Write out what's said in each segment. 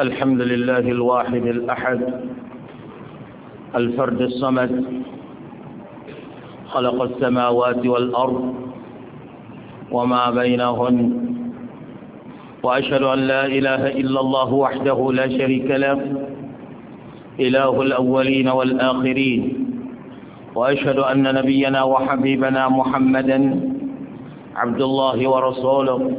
الحمد لله الواحد الأحد الفرد الصمد خلق السماوات والأرض وما بينهن وأشهد أن لا إله إلا الله وحده لا شريك له إله الأولين والآخرين وأشهد أن نبينا وحبيبنا محمدا عبد الله ورسوله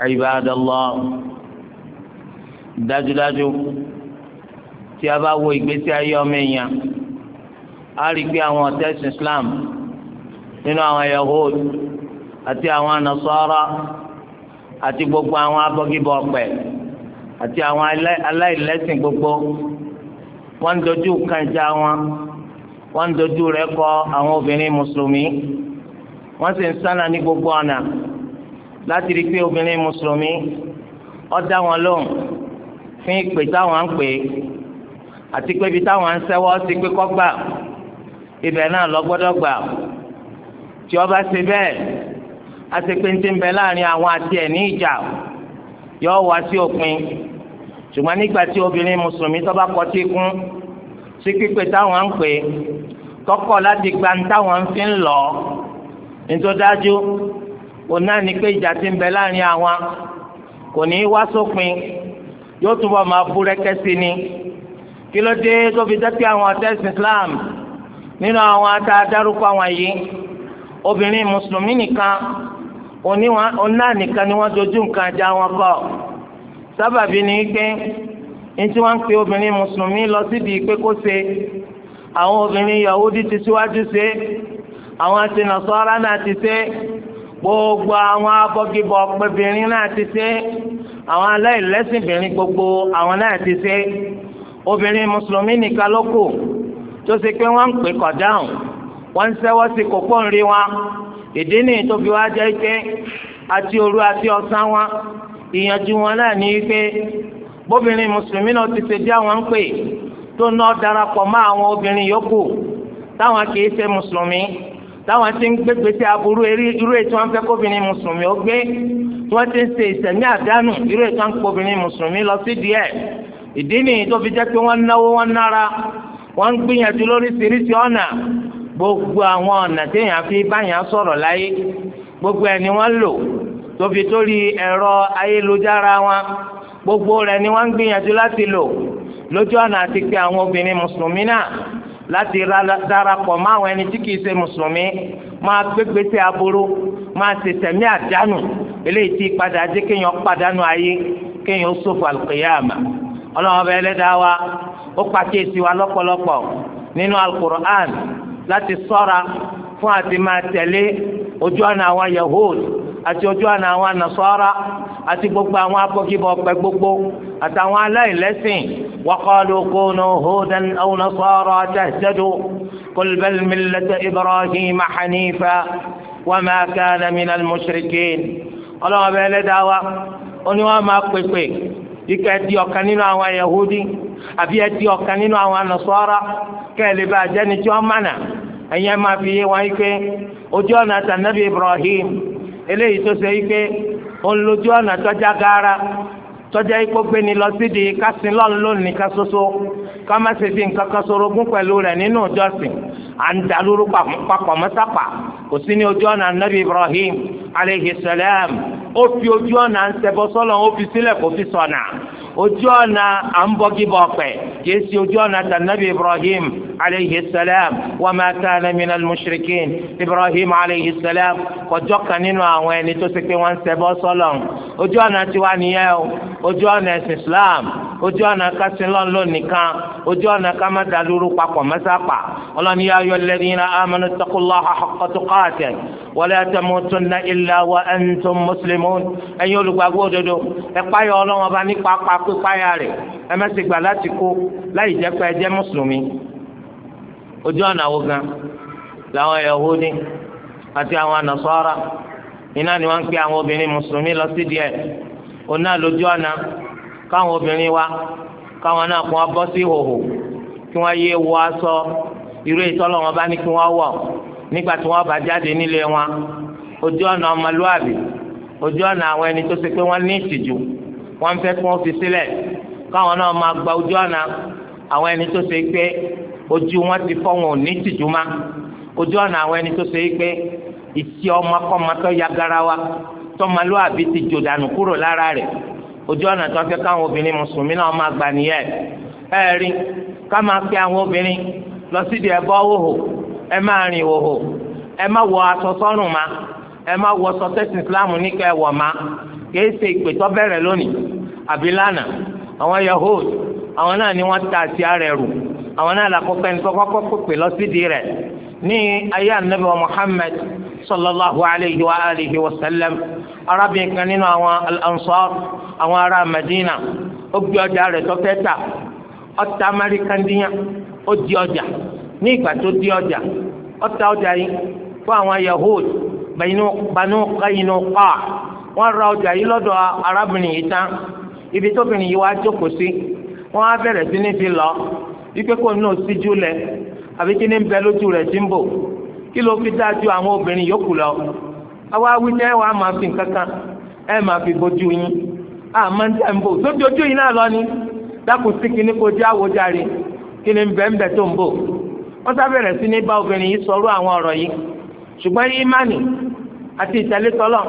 Ibadallah dájúdájú tí a bá wo ìgbésí ayé ọmọ èèyàn a rí i pé àwọn ọ̀tẹ́sì Islam nínú àwọn Yahud àti àwọn Nasara àti gbogbo àwọn abọ́gibọ̀ ọ̀pẹ àti àwọn aláìlẹ́sìn gbogbo wọ́n ń dojú kànjá wọn wọ́n ń dojú rẹ̀ kọ àwọn obìnrin mùsùlùmí wọ́n sì ń sánà ní gbogbo ọ̀nà láti rí i pé obìnrin mùsùlùmí ó dá wọn lóhùn fún ìpè táwọn ń pè é àti pé ibi táwọn ń sẹ́wọ́ sí pé kọ́ gbà ibẹ̀ náà lọ gbọ́dọ̀ gbà tí ó bá ṣe bẹ́ẹ̀ àti pé ń ti ń bẹ láàrin àwọn àti ẹ̀ ní ìjà yọ wá sí òpin ṣùgbọ́n nígbà tí obìnrin mùsùlùmí tó bá kọ́ sí kún sí pípé táwọn ń pè é tọkọ láti gba ń táwọn ń fi ń lọ ní dájú òun náà ni pé ìjà ti ń bẹ láàrin àwọn kò ní í wá sópin yóò túbọ̀ máa ni kí ló dé tó fi dẹ́pẹ́ àwọn Islam nínú àwọn ata dárúkọ àwọn yìí obìnrin mùsùlùmí nìkan òun nìkan ni wọ́n dojú nǹkan ajá wọn kọ́ sábàbí ni pé ntí wọ́n ń pe obìnrin mùsùlùmí lọ sídìí pé kó ṣe àwọn obìnrin Yahudi ti síwájú ṣe àwọn náà ti ṣe gbogbo àwọn abọ́gibọ̀ pẹ̀bìnrin náà ti ṣe àwọn aláìlẹ́sìnbìnrin gbogbo àwọn náà ti ṣe obìnrin mùsùlùmí nìkan ló kù tó ṣe pé wọ́n ń pè kọ̀ wọ́n ń ṣẹ́wọ́ sí kókó ń rí wọn ìdí nìyí tó fi wá jẹ́ wọn ìyànjú wọn náà ní pé bóbìnrin mùsùlùmí náà ti ṣe jẹ́ àwọn ń pè tó ná darapọ̀ mọ́ àwọn táwọn ti ń gbé gbèsè aburú irú ètò wọn fẹ́ kóbìnrin mùsùlùmí ó gbé tí wọ́n ti ń ṣe ìsẹ̀mí àdánù irú ètò wọn kóbìnrin mùsùlùmí lọ sí díẹ̀ ìdí nìyí tó fi jẹ́ pé wọ́n náwó wọ́n nára wọ́n ń gbìyànjú lóríṣiríṣi ọ̀nà gbogbo àwọn ọ̀nà téèyàn fi báyàn sọ̀rọ̀ láyé gbogbo ẹ̀ ni wọ́n lò tó fi torí ẹ̀rọ ayélujára wọn gbogbo rẹ̀ ni wọ́n gbìyànjú láti lò lójú ọ̀nà àti pé àwọn obìnrin mùsùlùmí náà láti darapọ̀ mọ́ àwọn ẹni tí kìí ṣe mùsùlùmí máa gbégbé sí aburú máa ṣe tẹ̀mí àdánù eléyìí tí padà jẹ́ kéèyàn padànù ayé kéèyàn ṣòfò àlùkìyàmà ọlọ́run ọba ẹlẹ́dàá wa ó pàkíyèsí wa lọ́pọ̀lọpọ̀ nínú alukur'an láti sọ́ra fún àti máa tẹ̀lé ojú ọ̀nà àwọn yahood àti ojú ọ̀nà àwọn nasara àti gbogbo àwọn abọ́gibọ̀ pẹ̀ gbogbo àtàwọn aláìlẹ́sìn wa qalu kunu hudan aw nasara tahtadu qul bal millata ibrahima hanifa wa ma kana minal mushrikin ọlọ́wọ́n bẹ́ẹ̀ lẹ́dàá ó ní wọ́n máa pèpè ike di ọ̀kan nínú àwọn yahudi àbí ẹ di ọ̀kan nínú àwọn nasara kẹ́ẹ̀ bá àjẹni tí wọ́n mánà. ẹ̀yin máa fi yé wọn pé ojú ọ̀nà tànàbí Ibrahim eléyìí tó ṣe pé òun lójú ọ̀nà tọ́já gaara tọ́já ipò pé ni lọ sídi di lọ́n lónìí ká soso ká má ṣe fi nǹkan kan sorogún pẹ̀lú rẹ̀ nínú ìjọsìn à ń papọ̀ mọ́sápà kò sí ní ojú ọ̀nà Ibrahim aleyhi ó fi ojú ọ̀nà ń sọ́lọ́ ojú ọ̀nà àǹbọ̀gìbọ̀ ọ̀pẹ̀ kìí ṣe ojú ọ̀nà tànàbí ibrahim aleyhi salam wa ma kana minal mushrikin ibrahim aleyhi salam kọjọ́ kan nínú àwọn ẹni tó ṣe pé wọ́n ń ṣẹbọ sọ́lọ̀ ojú ọ̀nà tiwa nìyẹn o ojú ọ̀nà ẹ̀sìn islam ojú ọ̀nà kásínlọ́n lónìkan ojú ọ̀nà kámẹ́dàlúrú papọ̀ mẹ́sàpà ọlọ́ni yá ayọ̀ alladhina amanu ittaqullaha haqqa tuqatihi wa la tamutunna illa ẹ̀yin olùgbàgbọ́ òdodo ẹ̀páyọ̀ ọlọ́wọ́n bá nípa pàk pè páyà rẹ̀ ẹ má ṣe gbà láti kó láì jẹ́ pé ẹ jẹ́ mùsùlùmí ojú ọ̀nà wo gan làwọn Yahudi àti àwọn iná ni wọ́n pe àwọn obìnrin mùsùlùmí lọ sí díẹ̀ òun lójú ọ̀nà káwọn obìnrin wa káwọn náà kún wa, bọ́ sí ìhòhò kí wọ́n yé wọ aṣọ irú ìtọ́lọ̀ wọn bá ní kí wọ́n wọ̀ nígbà tí wọ́n bá jáde nílé wọn ojú ọ̀nà ọmọlúwàbí ojú ọ̀nà àwọn wọ́n fẹ́ kọ́ si sílẹ̀ káwọn náà máa gba ojú ọ̀nà àwọn ẹni tó ṣe pé ojú wọn ti wọn ò ní tìjú ojú ọ̀nà àwọn ẹni tó ṣe pé ti jò dànù kúrò lára ojú ọ̀nà tó fẹ́ káwọn obìnrin mùsùlùmí náà máa gbà nìyẹn ẹ rí ká máa pe àwọn obìnrin lọ sídìí ẹbọ wòhò ẹ máa rìn wòhò ẹ má wọ aṣọ sọ́rùn ma ẹ má wọ sọ Islam kìí ṣe ìpè tó bẹ̀rẹ̀ lónìí àbí lánàá àwọn yahood àwọn náà ni wọ́n ta àti ara ẹ̀rù àwọn náà làkọ́kọ́ ẹni tó kọ́kọ́ pèpè lọ sídìí rẹ̀ ní ayé anabi wa muhammed sallallahu alayhi wa alihi wa sallam arábìnrin kan nínú àwọn al-ansar àwọn ará madina ó gbé ọjà rẹ̀ tó fẹ́ tà ọta amáríkandíyà ó di ọjà ní ìgbà tó di ọjà ọta ọjà yìí fún àwọn yahood banu qaynuqa wọ́n ra ọjà yìí lọ́dọ̀ arábìnrin yìí tán ibi tóbìnrin yìí wá jókòó sí wọ́n á bẹ̀rẹ̀ sí ní ti lọ wípé kò ní òsíjú lẹ̀ àbí kí ní bẹ lójú rẹ̀ ti ń bò kí ló fi dájú àwọn obìnrin yòókù lọ àwa wí ní ẹ wàá máa fi nǹkan kan ẹ máa fi bójú yín àmọ́ ń tẹ̀ ń bò tó dojú yín náà lọ ni dákun sí kíní kó jẹ́ àwòjáre kí ni bẹ́ẹ̀ ń bẹ tó ń bò wọ́n sábẹ̀rẹ̀ sí ní bá obìnrin yìí sọ̀rọ̀ àwọn ọ̀rọ̀ yìí ṣùgbọ́n ìmánì àti ìtẹ̀lẹ́tọ́lọ́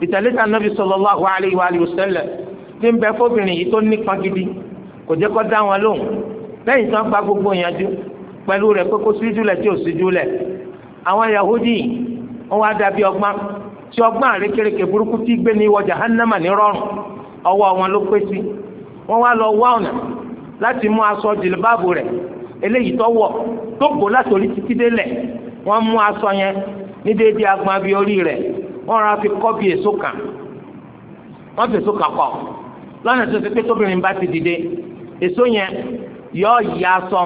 ìtẹ̀lẹ́sà nàbì sallallahu alaihi wa alihi tí ń bẹ fóbìnrin yìí tó nípa gidi kò jẹ́ kó dá wọn lóhùn lẹ́yìn gba gbogbo ìyànjú pẹ̀lú rẹ̀ pé kó síjú lẹ̀ tí ò síjú lẹ̀ àwọn Yahudi wọn wá dàbí ọgbọ́n tí ọgbọ́n burúkú tí gbé ní ní rọrùn ọwọ́ wọn ló pé sí wọn wá lọ wá ọ̀nà láti mú aṣọ jìlìbáàbù rẹ̀ eléyìí tó wọ̀ tó gbó látòrí títí wọ́n mú aṣọ yẹn ní déédéé wọ́n ra fi kọ́ bí èso kan wọ́n fi èso kan kọ́ lọ́nà tó ti pé tóbìnrin bá ti dìde èso yẹn yọ ya sọ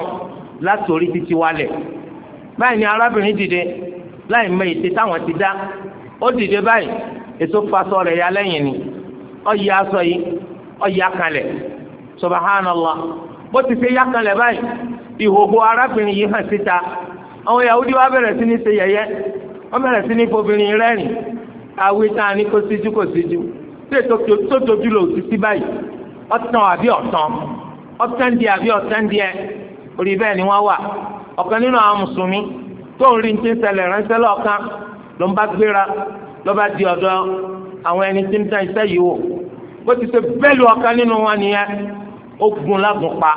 láti orí títí wálẹ̀ báyìí ni arábìnrin dìde láì mọ ète táwọn ti dá ó dìde báyìí èso fasọ ya ni ya sọ yìí ọ ya bó ti ya báyìí ìhòhò arábìnrin yìí hàn síta àwọn Yahudi wa sí ní sí ní fobìnrin awé tá a ní kó síjú kó síjú tí ètò tó dojú lò sí sí báyìí ọ̀tàn àbí ọ̀tàn ọ̀tàn díẹ̀ àbí ọ̀tàn díẹ̀ orí bẹ́ẹ̀ ni wọ́n wà ọ̀kan nínú àwọn mùsùlùmí tó ń rí ní ti ń ṣẹlẹ̀ ránṣẹ́ lọ́ọ̀kan ló ń bá gbéra ló bá di ọ̀dọ̀ àwọn ẹni tí ń tán iṣẹ́ yìí wò bó ti ṣe bẹ́ẹ̀ lu nínú wọn nìyẹn ó gun lágùn pa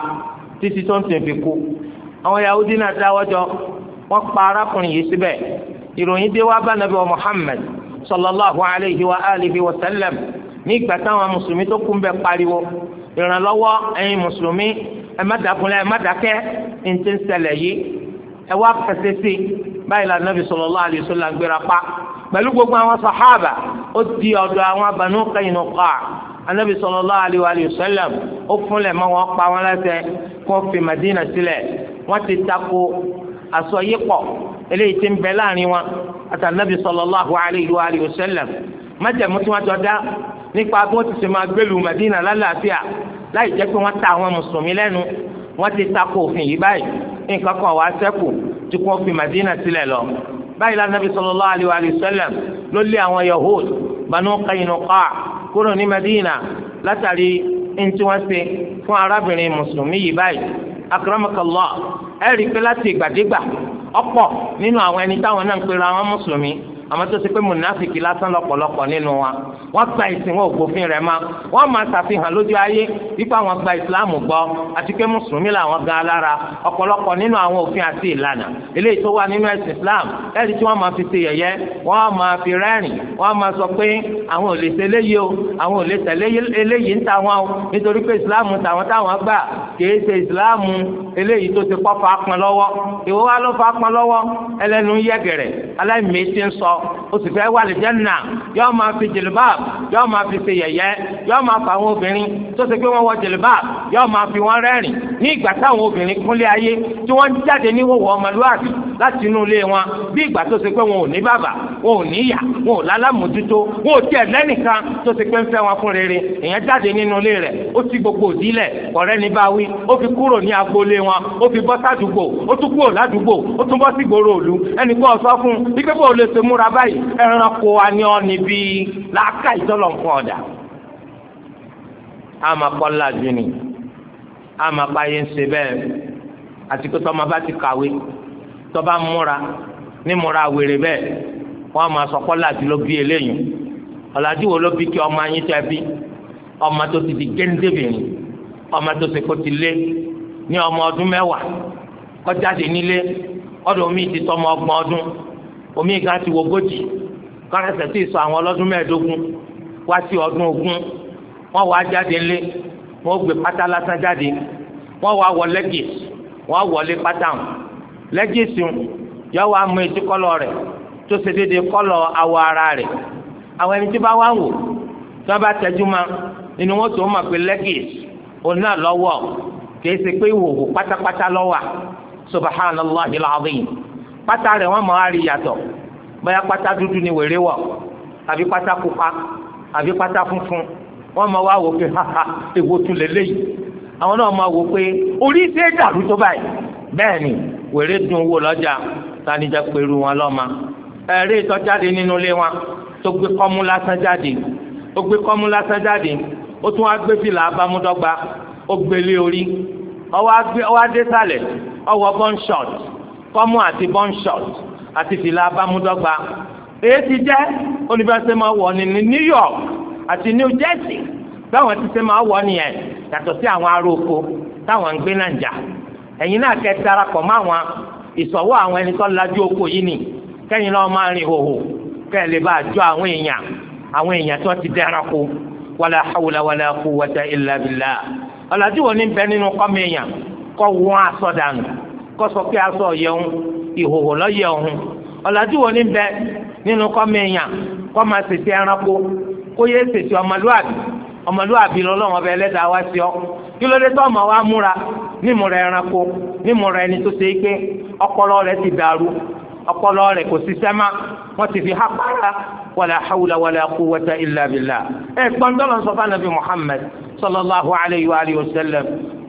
títí tó ń tẹ̀ fi kú àwọn Yahudi náà dáwọ́ jọ pa arákùnrin yìí síbẹ̀ ìròyìn dé wá bá nàbẹ̀ Muhammad sallallahu alayhi wa alihi wa sallam ní ìgbà táwọn mùsùlùmí tó kún bẹ pariwo ìrànlọ́wọ́ ẹ̀yin mùsùlùmí ẹ má dàkúnlẹ̀ ẹ má dàkẹ́ ẹ̀ ń tẹ́ ń ṣẹlẹ̀ yìí ẹ wá pèsè sí báyìí la Nabi sallallahu alayhi wa sallam gbéra pa pẹ̀lú gbogbo àwọn sàhábà ó di ọ̀dọ̀ àwọn Banu Qaynuqa anabi sallallahu alayhi wa sallam ó fúnlẹ̀ mọ́ wọn pa wọn láṣẹ kó fi Madina sílẹ̀ wọ́n ti tako àsọyípọ̀ eléyìí tí ń bẹ láàrin wọn àtànàbì sallallahu alayhi wa alihi wa sallam májẹ̀mú tí wọ́n jọ dá nípa bí wọ́n ti ṣe máa gbélú Madina lálàáfíà láì jẹ́ pé wọ́n ta àwọn mùsùlùmí lẹ́nu wọ́n ti takò òfin yìí báyìí nǹkan kan wàá ṣẹ́kù tí kò fi Madina sílẹ̀ lọ báyìí lánàbì sallallahu alayhi wa alihi wa sallam ló lé àwọn Yahud Banu Qaynuqa kúrò ní Madina látàrí ntí wọ́n ṣe fún arábìnrin mùsùlùmí yìí báyìí akramakallah ẹ̀rí pé láti ìgbàdégbà ọ̀pọ̀ nínú àwọn ẹni táwọn náà ń pera wọn mùsùlùmí àmọ́ tó ṣe pé mùnàfíkì lásán lọ́pọ̀lọpọ̀ nínú wa wọ́n gba ìsìn wọn ò gbófin rẹ̀ mọ́ wọ́n máa ṣàfihàn lójú ayé wípé àwọn gba ìsìláàmù gbọ́ àti pé mùsùlùmí làwọn gan alára ọ̀pọ̀lọpọ̀ nínú àwọn òfin àti ìlànà eléyìí tó wà nínú ẹ̀sìn Islam ẹ̀rí tí wọ́n máa fi ṣe yẹ̀yẹ́ wọ́n máa fi rẹ́rìn wọ́n máa sọ pé àwọn ò lè ṣe eléyìí o àwọn ò lè tẹ̀lé eléyìí ń ta wọn o nítorí pé ìsìláàmù tàwọn táwọn gbà kìí ṣe ìsìláàmù eléyìí tó ti kọ́ fa pọn lọ́wọ́ ìwọ ló fa pọn lọ́wọ́ ẹlẹ́nu yẹ̀gẹ̀rẹ̀ aláìmẹsẹ̀ ń sọ o sì fẹ́ wà lìjẹ́nà yóò máa fi jìlìbáàbù yóò máa fi ṣe yẹ̀yẹ́ yóò máa fa àwọn obìnrin tó ṣe pé wọ́n wọ jìlìbáàbù yóò máa fi wọ́n rẹ́rìn ní ìgbà táwọn obìnrin kúnlé ayé tí wọ́n jáde níhòòhò ọmọlúwàbí láti inú ilé wọn bí ìgbà tó ṣe pé wọn ò ní bàbá wọn ò ní ìyá wọn ò lálámòjútó wọn ò tiẹ̀ lẹ́nìkan tó ṣe pé ń fẹ́ wọn fún rere èèyàn jáde nínú ilé rẹ̀ ó ti gbogbo òdílẹ̀ ọ̀rẹ́ ní bá ó fi kúrò ní agboolé wọn ó fi bọ́ sádùúgbò ó tún kúrò ládùúgbò ó tún bọ́ sí gbòòrò òlu ẹnì kan fún un bó o lè ṣe múra nípa báyìí ẹranko wa ni ọ níbi làákà ìtọ́lọ̀ nǹkan ọ̀dà amakọ́lá ju ni amakpáyé ń ṣe bẹ́ẹ̀ àti pé tọ́mọ bá ti kàwé tọ́ba múra nímúra wèrè bẹ́ẹ̀ wọ́n máa sọ ju ló bí eléyìí ọ̀làjú wo ló bí kí ọmọ anyi tẹ́ bí ọmọ tó ti di géńdébìnrin ọmọ tó ti kó ti lé ní ọmọ ọdún mẹ́wàá kọjá sí nílé ọdún mi ti tọmọ ọgbọ̀n ọdún omi gan ti wọ gòjì kọ́rẹ́sẹ̀ tí sọ àwọn ọlọ́dún mẹ́ẹ̀ẹ́dógún wá sí ọdún ogún wọ́n wá jáde ńlé wọ́n gbé pátá lásán jáde wọ́n wá wọ lẹ́gìsì wọ́n wọlé pátá wọn lẹ́gìsì yọ wá mú etí kọ́lọ̀ rẹ̀ tó ṣe déédéé kọ́lọ̀ awọ ara rẹ̀ àwọn ẹni tí bá wá wò tí wọ́n bá tẹ́jú ma inú wọn tó mọ̀ pé lẹ́gìsì òun náà lọ́wọ́ kì í ṣe pé ìwòwò pátápátá lọ́wọ́ subhanallah ilaahi pátá rẹ̀ wọ́n máa rí yàtọ̀ bóyá pátá dúdú ni wèrè wọ̀ àbí pátá pupa àbí pátá funfun wọ́n máa wá wò pé haha èwo tún lélẹ́yìí àwọn náà máa wò pé orí ṣe é dàrú tó báyìí bẹ́ẹ̀ ni wèrè dùn wò lọ́jà tanijẹ́ pẹ̀lú wọn lọ́ma ẹ̀rí ìtọ́jáde nínú ilé wọn tó gbé kọ́mú lásán jáde ó gbé kọ́mú lásán jáde ó tún wá gbé fìlà abámúdọ́gba ó gbélé orí ọwọ́ adé sálẹ̀ ọwọ́ bọ́ńṣọ̀tì fọ́mù àti bọ́ńṣọ̀t àti fìlà abámúdọ́gba èyí ti jẹ́ olùbẹ́sẹ̀ máa wọ̀ ní New York àti New Jersey báwọn ti ṣe máa wọ̀ nìyẹn yàtọ̀ sí àwọn ará oko táwọn ń gbé náà jà ẹ̀yin náà kẹ́ darapọ̀ mọ́ àwọn ìsọ̀wọ́ àwọn ẹni tó lajú oko yìí ni kẹ́yìn náà máa rìn hòhò kẹ́ ẹ lè bá àjọ àwọn èèyàn àwọn èèyàn tó ti dẹranko wàlà hawla wàlà quwwata illa billah ọ̀làjú wo ni bẹ nínú kọ́mẹ̀yàn kọ́ wọ́n aṣọ dànù kọsọ pé aṣọ ọyẹ òun ìhòhò lọyẹ òun ọ̀làjú wo ni bẹ nínú kọ́mọ èèyàn kọ́mọ ṣèṣe ẹranko kó yẹ ṣèṣe ọmọlúwàbí ọmọlúwàbí lọ́lọ́wọ́n bẹ ẹlẹ́dàá wá sí ọ kí ló dé tó ọmọ wa múra nímúra ẹranko nímúra ẹni tó ṣe é pé ọpọlọ rẹ ti dàrú ọpọlọ rẹ kò ṣiṣẹ́ má wọ́n ti fi há pàrà wàlà hawla wàlà quwwata illa billah ẹ̀ pọ́ńdọ́lọ́ sọ Muhammad sallallahu alayhi wa sallam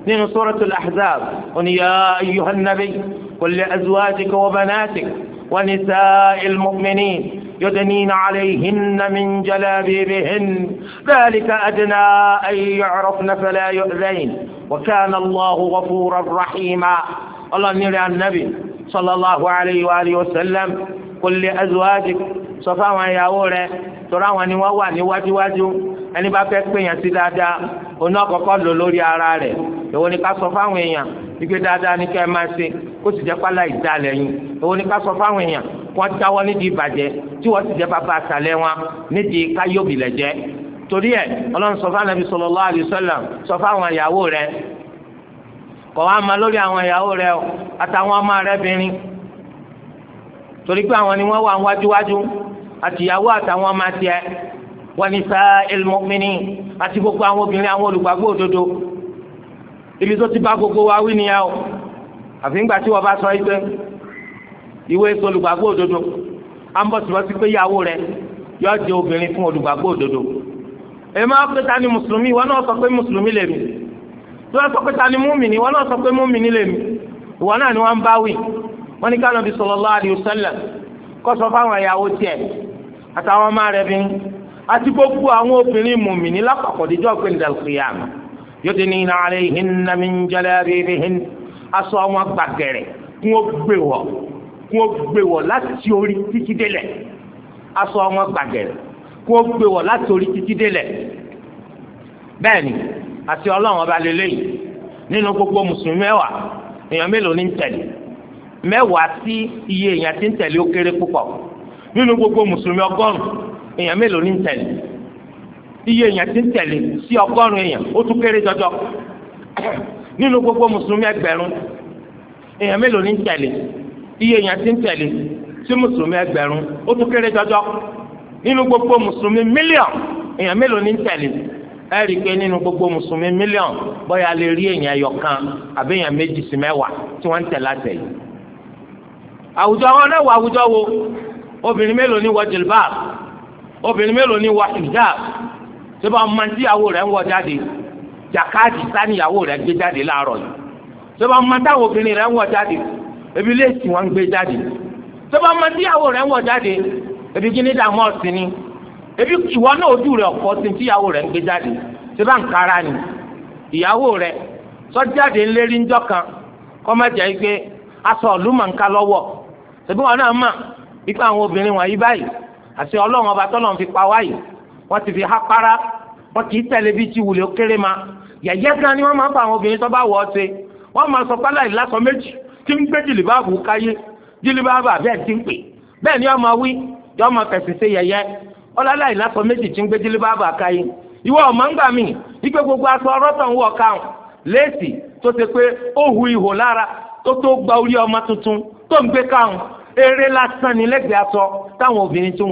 من سورة الأحزاب قل يا أيها النبي قل لأزواجك وبناتك ونساء المؤمنين يدنين عليهن من جلابيبهن ذلك أدنى أن يعرفن فلا يؤذين وكان الله غفورا رحيما الله نرى النبي صلى الله عليه وآله وسلم قل لأزواجك صفا ويا وره ترى وني ووا ني واجي واجو ẹni bá fẹ́ pèèyàn sí dáadáa oní ọ̀kọ̀ọ̀kọ̀ lò lórí ara rẹ̀ èwo ni ká sọ fáwọn èèyàn wípé dáadáa ní ká ẹ máa ṣe kó sì jẹ́ pálá ìdálẹ̀ yín èwo ni ká sọ fáwọn èèyàn kó wọ́n jáwọ́ nídìí ìbàjẹ́ tí wọ́n sì jẹ́ bàbá àtàlẹ́ wọn nídìí káyọ̀bìlẹ̀ jẹ́ torí ẹ̀ ọlọ́run sọ fáwọn ẹbí sallallahu alaihi sọ fáwọn ìyàwó rẹ̀ kọ́ wa ma lórí àwọn ìyàwó rẹ o àtàwọn ọmọ rẹ bìnrin torí pé àwọn ni wọ́n wà wájúwájú àtìyàwó àtàwọn ọmọ tiẹ̀ wọ́n ní sá ilmọ́mìnì àti gbogbo àwọn obìnrin àwọn olùgbàgbọ́ òdodo ibi tó ti bá gbogbo wa wí nìyà o àfi ńgbà tí wọ́n bá sọ ẹgbẹ́ ìwé èso olùgbàgbọ́ òdodo ambọ̀sibọ́sí pé ìyàwó rẹ yọ jẹ obìnrin fún olùgbàgbọ́ òdodo èmi á pé ta ni mùsùlùmí ìwọ náà sọ pé mùsùlùmí lèmi tí wọ́n sọ pé ta ni múmìnì wọ́n náà sọ pé múmìnì lèmi ìwọ náà ni wọ́n ń bá wí wọ́n ní kí Ànábì sallallahu alaihi wasallam kó sọ fáwọn ìyàwó tiẹ̀ àtàwọn ọmọ rẹ̀ bí àti gbogbo àwọn obìnrin múmìnì lápapọ̀ díjọ́ pé àti ọlọ́run ọba lélẹ́yìn nínú gbogbo mùsùlùmí mẹ́wàá èèyàn mélòó ní ń tẹ̀lé mẹ́wàá sí iye èèyàn tí ń tẹ̀lé ó kéré púpọ̀ nínú gbogbo mùsùlùmí ọgọ́rùn èèyàn mélòó ní ń tẹ̀lé iye èèyàn tí ń tẹ̀lé sí ọgọ́rùn èèyàn ó tún kéré jọjọ nínú gbogbo mùsùlùmí ẹgbẹ̀rún èèyàn mélòó ní ń tẹ̀lé iye èèyàn tí ń tẹ̀lé sí mùsùlùmí ẹgbẹ̀rún ó tún kéré jọjọ nínú gbogbo mùsùlùmí mílíọ̀n èèyàn mélòó ní ń tẹ̀lé ẹ rí i pé nínú gbogbo mùsùlùmí mílíọ̀n bóyá lè rí èèyàn ẹyọ kan àbí èèyàn méjì sí mẹ́wàá tí wọ́n ń tẹ̀ láṣẹ yìí. àwùjọ wọn náà wọ àwùjọ wo obìnrin mélòó ní wọ jilbab obìnrin mélòó ní wọ hijab tí wọ́n máa ń tí ìyàwó rẹ̀ ń wọ jáde jàkáàdì sáníyàwó rẹ̀ gbé jáde láàárọ̀ yìí tí wọ́n máa ń táwọn obìnrin rẹ̀ ń wọ jáde ebi léèsì wọn gbé jáde tí wọ́n máa ń tíyàwó rẹ̀ ń wọ jáde ebi kí ní dààmú ọ̀sìn ni ebi ìwọ náà ojú rẹ ọ̀pọ̀ sí tíyàwó rẹ ń gbé jáde ṣé bá ń kára ni ìyàwó rẹ sọ́jáde ńlérí ńjọ́ kan kọ́mẹ́jẹ́ pé aṣọ ọ̀lùmọ̀ǹká lọ́wọ́ ṣèbí wọn náà mà ipa àwọn obìnrin wọ̀nyí báyìí àti ọlọ́run ọba tọ́lọ́run fi pa wáyìí wọ́n ti fi há para wọ́n kì í tẹ̀lé bí ti wùlé kéré ma yẹ̀yẹ́ gan ni wọ́n máa ń fa àwọn obìnrin tó bá wọ̀ ọ́ ṣe wọ́n máa sọ pálá ìlàsọ méjì tí ń gbé jìlìbáàbù káyé jìlìbáàbù àbẹ́ẹ̀ ti ń pè bẹ́ẹ̀ ni wọ́n máa wí yọ́n máa fẹ̀sì ṣe yẹ̀yẹ́ ọlala ìlàsọ méjì tí ń gbé jílíbà bà káyé ìwọ ọmọ ń gbà mí gbogbo aṣọ ọrọ́tọ̀ ń wọ̀ káwọn léèsì tó ṣe pé ó hu ihò lára tó tó gba orí ọmọ tuntun tó ń gbé káwọn eré lásán ni aṣọ táwọn obìnrin tí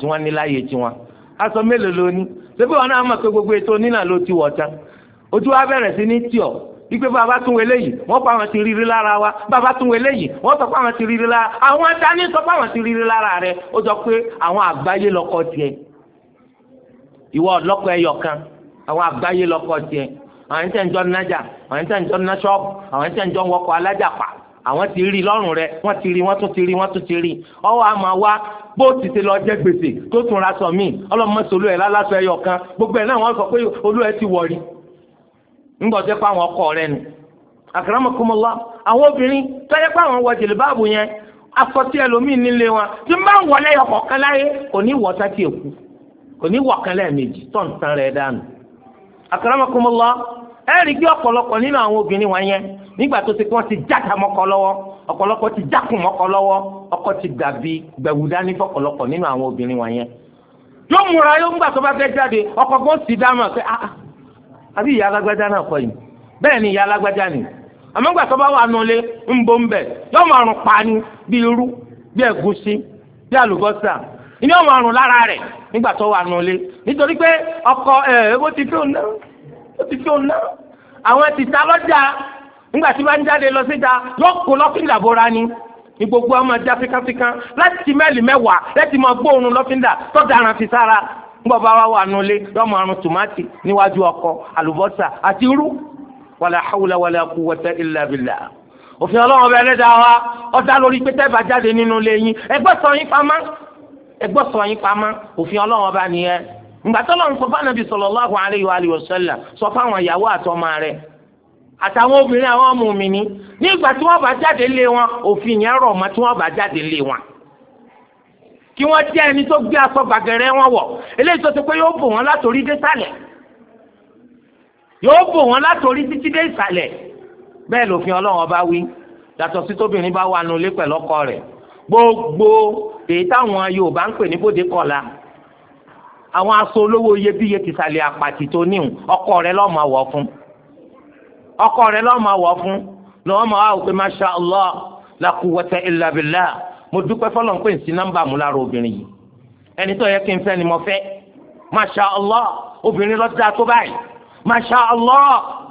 tí ní aṣọ mélòó ṣé wọn náà gbogbo ètò ló ti ojú wa sí ní ìgbé bàbá tún wẹlé yìí wọ́n pa àwọn ti rírí lára wa bàbá tún wẹlé yìí wọ́n sọ pé àwọn ti rírí lára àwọn tani sọ pé àwọn ti rírí lára rẹ ó jọ pé àwọn àgbáyé lọkọ tiẹ̀ ìwọ ọlọkọ ẹyọ kan àwọn àgbáyé lọkọ tiẹ̀ àwọn tẹ̀ ń jọ nájà àwọn tẹ̀ ń jọ ná ṣọ́ọ̀bù àwọn tẹ̀ ń jọ wọkọ̀ alájàpá àwọn ti rí lọ́rùn rẹ wọ́n ti rí wọ́n tún ti rí wọ́n tún ti rí ọwọ́ àmọ́ wa bó ti ti lọ jẹ gbèsè tó tún ra sọ míì ọlọ́mọ ẹ̀ lálásọ ẹyọ kan gbogbo ẹ̀ náà wọ́n sọ pé olú ẹ ti wọ̀ ńgbọ̀jẹ́ pé àwọn ọkọ rẹ ni àkàràmọ̀kọ́mọ́lá àwọn obìnrin tọ́jẹ́ pé àwọn wọ jìlìbáàbù yẹn aṣọ tí nílé wọn tí máa ń wọlé ọkọ̀ kan láyé kò ní wọ sátì èkú kò ní wọ kan lẹ́ẹ̀mejì tan dànù àkàràmọ̀kọ́mọ́lá ẹ rí ọ̀pọ̀lọpọ̀ nínú àwọn obìnrin wọn yẹn nígbà tó ti pé wọ́n ti játa mọ́kọ lọ́wọ́ ọ̀pọ̀lọpọ̀ ti mọ́kọ ọkọ ti gbẹ̀wù dání fọ́pọ̀lọpọ̀ nínú àwọn obìnrin wọn àbí ìyá alágbájá náà kọ́ yìí bẹ́ẹ̀ ni ìyá alágbájá ni àmọ́ gbà tó bá wà nulẹ̀ ń bọ́ ń bẹ̀ yóò máa rùn pani bí irú bí ẹ̀gúsí bí àlùbọ́sà ìní ọmọ àrùn lára rẹ̀ nígbà tó wà nulẹ̀ nítorí pé ọkọ ẹ̀ ó ti fi òun náà ó ti fi òun náà àwọn ti lọ́jà nígbà tí wọ́n jáde lọ síta lọ́kùn lọ́fíńdà bóra ni gbogbo ọmọ ẹja láti mẹ́lì mẹ́wàá láti máa gbóòórùn lọ́fíńdà tó dára fi sára ńgbọ́ bá wà wà nulẹ̀ yọmọ àrùn tòmátì níwájú ọkọ àlùbọ́sà àti irú wàlà hawla wàlà quwwata illa billah òfin ọlọ́run ọba ẹlẹ́dàá wa ọ̀dà lórí pé tẹ́ bá jáde nínú ilé yín ẹgbẹ́ sọ yín pamá ẹgbẹ́ sọ yín pamá òfin ọlọ́run ọba nìyẹn ngbàtọ́lọ́ ń sọ fún anabi sallallahu alayhi wa alihi wa sallam sọ fún àwọn ìyàwó àtàwọn obìnrin àwọn ọmọ mi ní nígbà tí wọ́n bá jáde lé wọn òfin yẹn rọ̀ mọ́ tí wọ́n bá jáde lé wọn kí wọ́n jẹ́ ẹni tó gbé aṣọ gbàgẹ̀rẹ́ wọn wọ̀ eléyìí tó ti pé yóò bò wọ́n látòrí dé sàlẹ̀ yóò bò wọ́n látòrí títí dé ìsàlẹ̀ bẹ́ẹ̀ lòfin ọlọ́run bá wí yàtọ̀ sí tóbìnrin bá wà nulẹ̀ pẹ̀lú ọkọ rẹ̀ gbogbo èyí táwọn Yorùbá ń pè ní bòde kọlà àwọn aṣọ olówó iyebíye ti sàlẹ̀ àpàtì tó níhùn ọkọ rẹ̀ lọ́ọ́ máa wọ̀ fún ọkọ rẹ̀ lọ́ọ́ máa wọ̀ fún lọ́wọ́ máa wà wípé masha Allah la quwwata illa billah mo dúpẹ́ fọlọ́n pé nsí nọ́mbà mú lára obìnrin yìí ẹni tó yẹ kí n fẹ́ ni mo fẹ́ masha allah obìnrin lọ dáa tó báyìí masha allah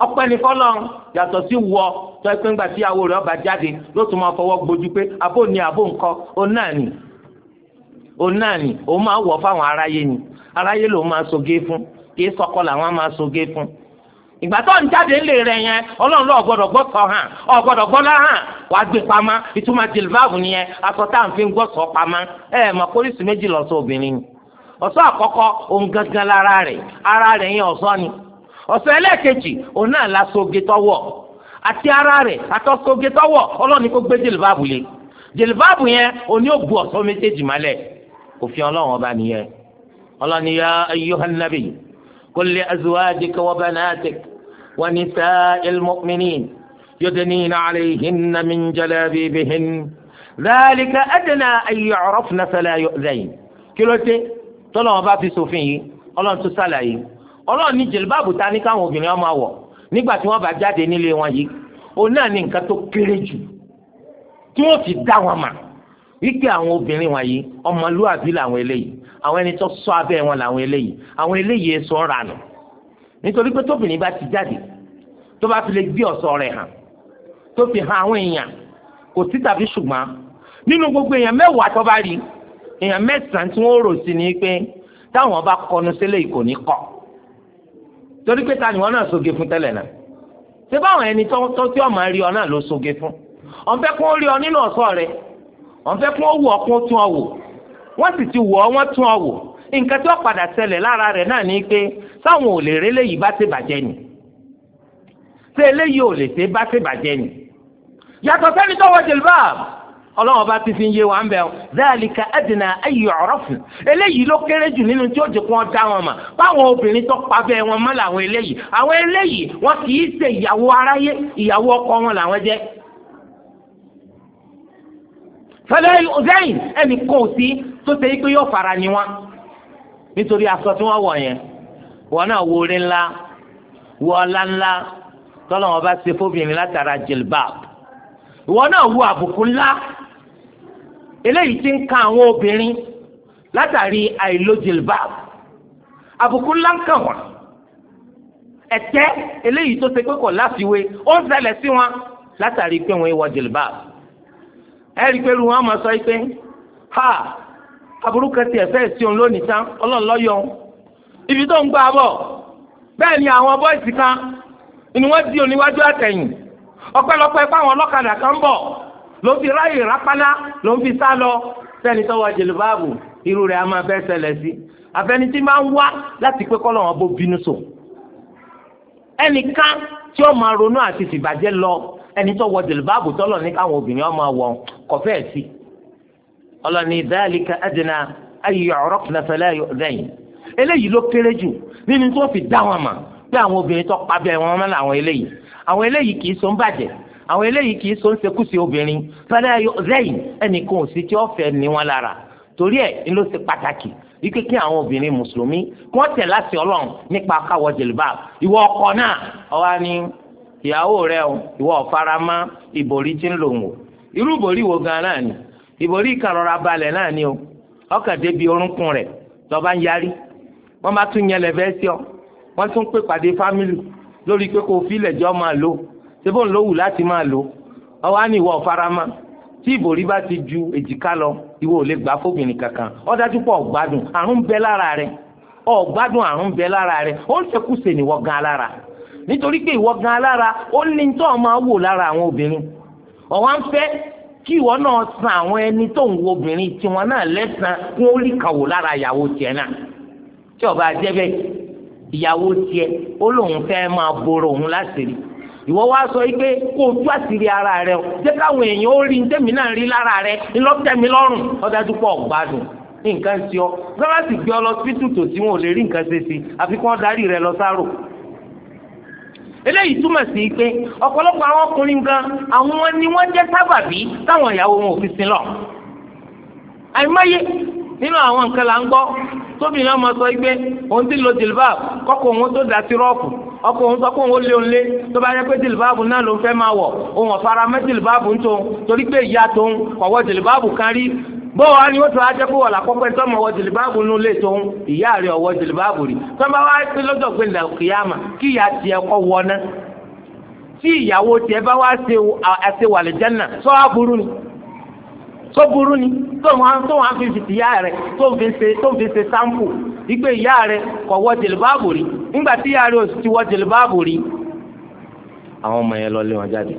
ọpẹ́ ni fọlọ́n yàtọ̀ sí wọ tó ẹ pé ńgbà tí ọba jáde ló tún fọwọ fọwọ́ gbójú pé ni àbó nǹkan òun náà ni òun náà ni òun máa wọ̀ fáwọn aráyé ni aráyé lòun ìgbà tó ń jáde ńlẹ̀ rẹ̀ yẹn ọlọ́run lọ́ọ́ gbọ́dọ̀ gbọ́ sọ hàn ọ̀ gbọ́dọ̀ gbọ́ lá hàn wà á gbé pamọ́ ìtumọ̀ jìlbáàbù nìyẹn aṣọ tá à ń fi gbọ́ sọ pamọ́ ẹ ẹ mọ̀ pólísì méjì lọ́sọ obìnrin ni ọ̀ṣọ́ àkọ́kọ́ òun gangan lára rẹ̀ ara rẹ̀ yẹn ọ̀ṣọ́ ni ọ̀ṣọ́ ẹlẹ́ẹ̀kejì òun náà lásoge tọ́wọ̀ àti ara rẹ̀ àtọ́soge tọ́wọ̀ ọlọ́run kò gbé jìlbáàbù le jìlbáàbù yẹn òun yóò bu ọ̀ṣọ́ méjèèjì mọ́lẹ̀ òfin ọlọ́run ọba ونساء المؤمنين يدنين عليهن من جلابيبهن ذلك أدنى أن يعرفن فلا يؤذين كيلوتي تلو با في سوفين Ọlọ́run na ṣàlàyé Ọlọ́run ní jìlbáàbù ta ní káwọn obìnrin ọmọ wọ̀ nígbà tí wọ́n bá jáde nílé wọn yìí òun náà ní nǹkan tó kéré jù tí wọ́n fi dá wọn mà wípé àwọn obìnrin wọ̀nyí ọmọlúwàbí làwọn eléyìí àwọn ẹni tó ṣọ́ abẹ́ wọn làwọn eléyìí àwọn eléyìí nítorí pé tóbìnrin bá ti jáde tó bá fi lè gbé ọ̀sọ́ rẹ̀ hàn tó fi hàn àwọn èèyàn kò sí tàbí ṣùgbọ́n nínú gbogbo èèyàn mẹ́wàá tó bá rí èèyàn mẹ́sàn-án tí wọ́n rò sí ni pé táwọn bá kọnu sílé ìkò ní kọ̀ torí pé ta ni wọ́n náà soge fún tẹ́lẹ̀ náà ṣé báwọn ẹni tó tí ọmọ rí ọ náà ló soge fún ọ̀n fẹ́ kó rí ọ nínú ọ̀sọ́ rẹ̀ ọ̀n fẹ́ kó wù ọ kó tún ọ wò wọ́n sì ti wù ọ wọ́n tún ọ wò nǹkan tí ó padà ṣẹlẹ̀ lára rẹ̀ náà ni pé sáwọn ò lè rélé yìí bá ṣe nì eléyìí ò lè ṣe bá ṣe nì yàtọ̀ sẹ́ni tó wọ jìlbáàbù ọlọ́wọ́n bá ti fi ń yé wa ń bẹ̀ ọ́ ẹ̀dínà ayé ọ̀rọ̀ fún eléyìí ló kéré jù nínú tí ó jẹ́ kó wọ́n dá wọn mà báwọn obìnrin tó pa bẹ́ẹ̀ wọn mọ́ eléyìí àwọn eléyìí wọn kì í ṣe wọn náà wo orí ńlá wo ọlá ńlá tọ́lọ̀ wọn bá ṣe fóbìnrin látara jilbab wọn náà wo àbùkù ńlá eléyìí ti ń ka àwọn obìnrin látàrí àìlò jilbab àbùkù ńlá ń kàn wọn ẹ̀tẹ́ eléyìí tó ṣe pé kò láfiwé ó ń ṣẹlẹ̀ sí wọn látàrí pé wọn wọ jilbab ẹ rí i pé irú máa sọ pé ha aburú kẹsì ẹ̀fẹ́ sí òun lónìí tán ọlọ́run lọ́yọ̀ọ́ ibi tó ń gbà bọ̀ bẹ́ẹ̀ ni àwọn bọ́ìsì kan ni wọ́n di oníwájú àtẹ̀yìn ọpẹ́lọpẹ́ fáwọn ọlọ́kadà kan bọ̀ ló fi ráyè rápálá ló ń fi sá lọ sẹ́ni tọ́wọ́ jìlìbáàbù irú rẹ̀ a máa fẹ́ ṣẹlẹ̀ sí àfẹnití máa ń wá láti pé kọ́lọ́ wọn bó bínú sùn ẹnìkan tí ó máa ronú àti tìbàjẹ́ lọ ẹni tọ́wọ́ jìlìbáàbù tọ́lọ̀ ní káwọn obìnrin ọmọ wọn kọfẹ́ẹ̀ sí ọlọ́ni dhalika adna ay yu'rafna fala yu'dhayn eléyìí ló kéré jù nínú tó fi dá wọn mà pé àwọn obìnrin tó pa bẹ́ẹ̀ wọn mọ́ làwọn eléyìí àwọn eléyìí kì í so ń bàjẹ́ àwọn eléyìí kì í so ń sekúsi obìnrin fẹ́lẹ́ lẹ́yìn ẹnìkan ò sí tí ó fẹ́ ní wọn lára torí ẹ̀ ń ló ṣe pàtàkì ike kí àwọn obìnrin mùsùlùmí kí wọ́n tẹ̀ láti ọlọ́run nípa káwọ́ jìlìbà ìwọ ọkọ náà ọwọ́ ni ìyàwó rẹ o ìwọ ọ̀farama ìbòrí tí ń lò wò irú ìbòrí wo gan náà ni ìbòrí ìkàrọ̀ra balẹ̀ náà ni o ọkàn débi orúnkún rẹ̀ lọ́ba ń yarí wọ́n bá tún yẹn lẹ́fẹ́ sí ọ wọ́n tún pè pàdé fámìlì lórí pé kò fi ilẹ̀jọ́ máa lò ṣébó ń lówù láti máa lò ọwọ́ á ní ìwọ ọ̀farama tí ìbòrí bá ti ju èjìká lọ ìwọ ò lè gbà fóbìnrin kankan ó dájú pọ̀ ọ̀gbádùn àrùn bẹ lára rẹ ọ̀gbádùn àrùn bẹ lára rẹ ó ń ṣekúṣe níwọ gan lára nítorí pé ìwọ gan lára ó ní tó máa wò lára àwọn obìnrin ọ̀wá ń fẹ́ kí ìwọ náà san àwọn ẹni tó ń wo obìnrin tiwọn náà lẹ́sàn-án kún ó lè lára ìyàwó tiẹ̀ náà tí ọba àjẹbẹ ìyàwó tiẹ̀ ó lóun fẹ́ máa boro òun láṣìírí ìwọ wá sọ pé kó o tú àṣírí ara rẹ o jẹ́ káwọn èèyàn ó rí tèmi náà rí lára rẹ ńlọtẹmí lọ́rùn ọdájú pọ gbádùn nǹkan ṣe ọ gọlọsì gbé ọ lọ síbítù tó tí wọn ò lè rí nǹkan ṣe sí àfi kí wọn darí rẹ lọ sáró eléyìí túmọ̀ sí pé ọ̀pọ̀lọpọ̀ àwọn ọkùnrin gan àwọn ni wọ́n jẹ́ sábàbí táwọn ìyàwó wọn ò fi sin lọ àìmọye nínú àwọn nǹkan là ń gbọ́ tóbìnrin ọmọ sọ pé òun ti lo jìlbáàb kọ́kọ́ òun tó dà sí rọ́ọ̀fù ọkọ òun sọ pé òun lé òun lé tó bá yẹ pé jìlbáàbù náà ló ń fẹ́ máa wọ̀ òun ọ̀fara mẹ́ jìlbáàbù ń tóun torí pé ìyá tóun kọ̀wọ́ jìlbáàbù kan rí bọ́ọ̀ wá ní ó ti wá jẹ́ pé wọ̀là kọ́kọ́ ẹni tó mọ̀ ọwọ́ jìlìbáàbù nínú ilé tó ń ìyá rẹ̀ ọwọ́ jìlìbáàbù rí tó wá ṣe àṣewàlẹ̀ tó burú ni tó wọn tó wọn fi fìtì ìyá rẹ tó fi ṣe tó fi ṣe sampo wípé ìyá rẹ kò wọ jìlìbáàbò rí nígbà tí ìyá rẹ ò sì ti wọ jìlìbáàbò rí àwọn ọmọ yẹn lọ lé wọn jáde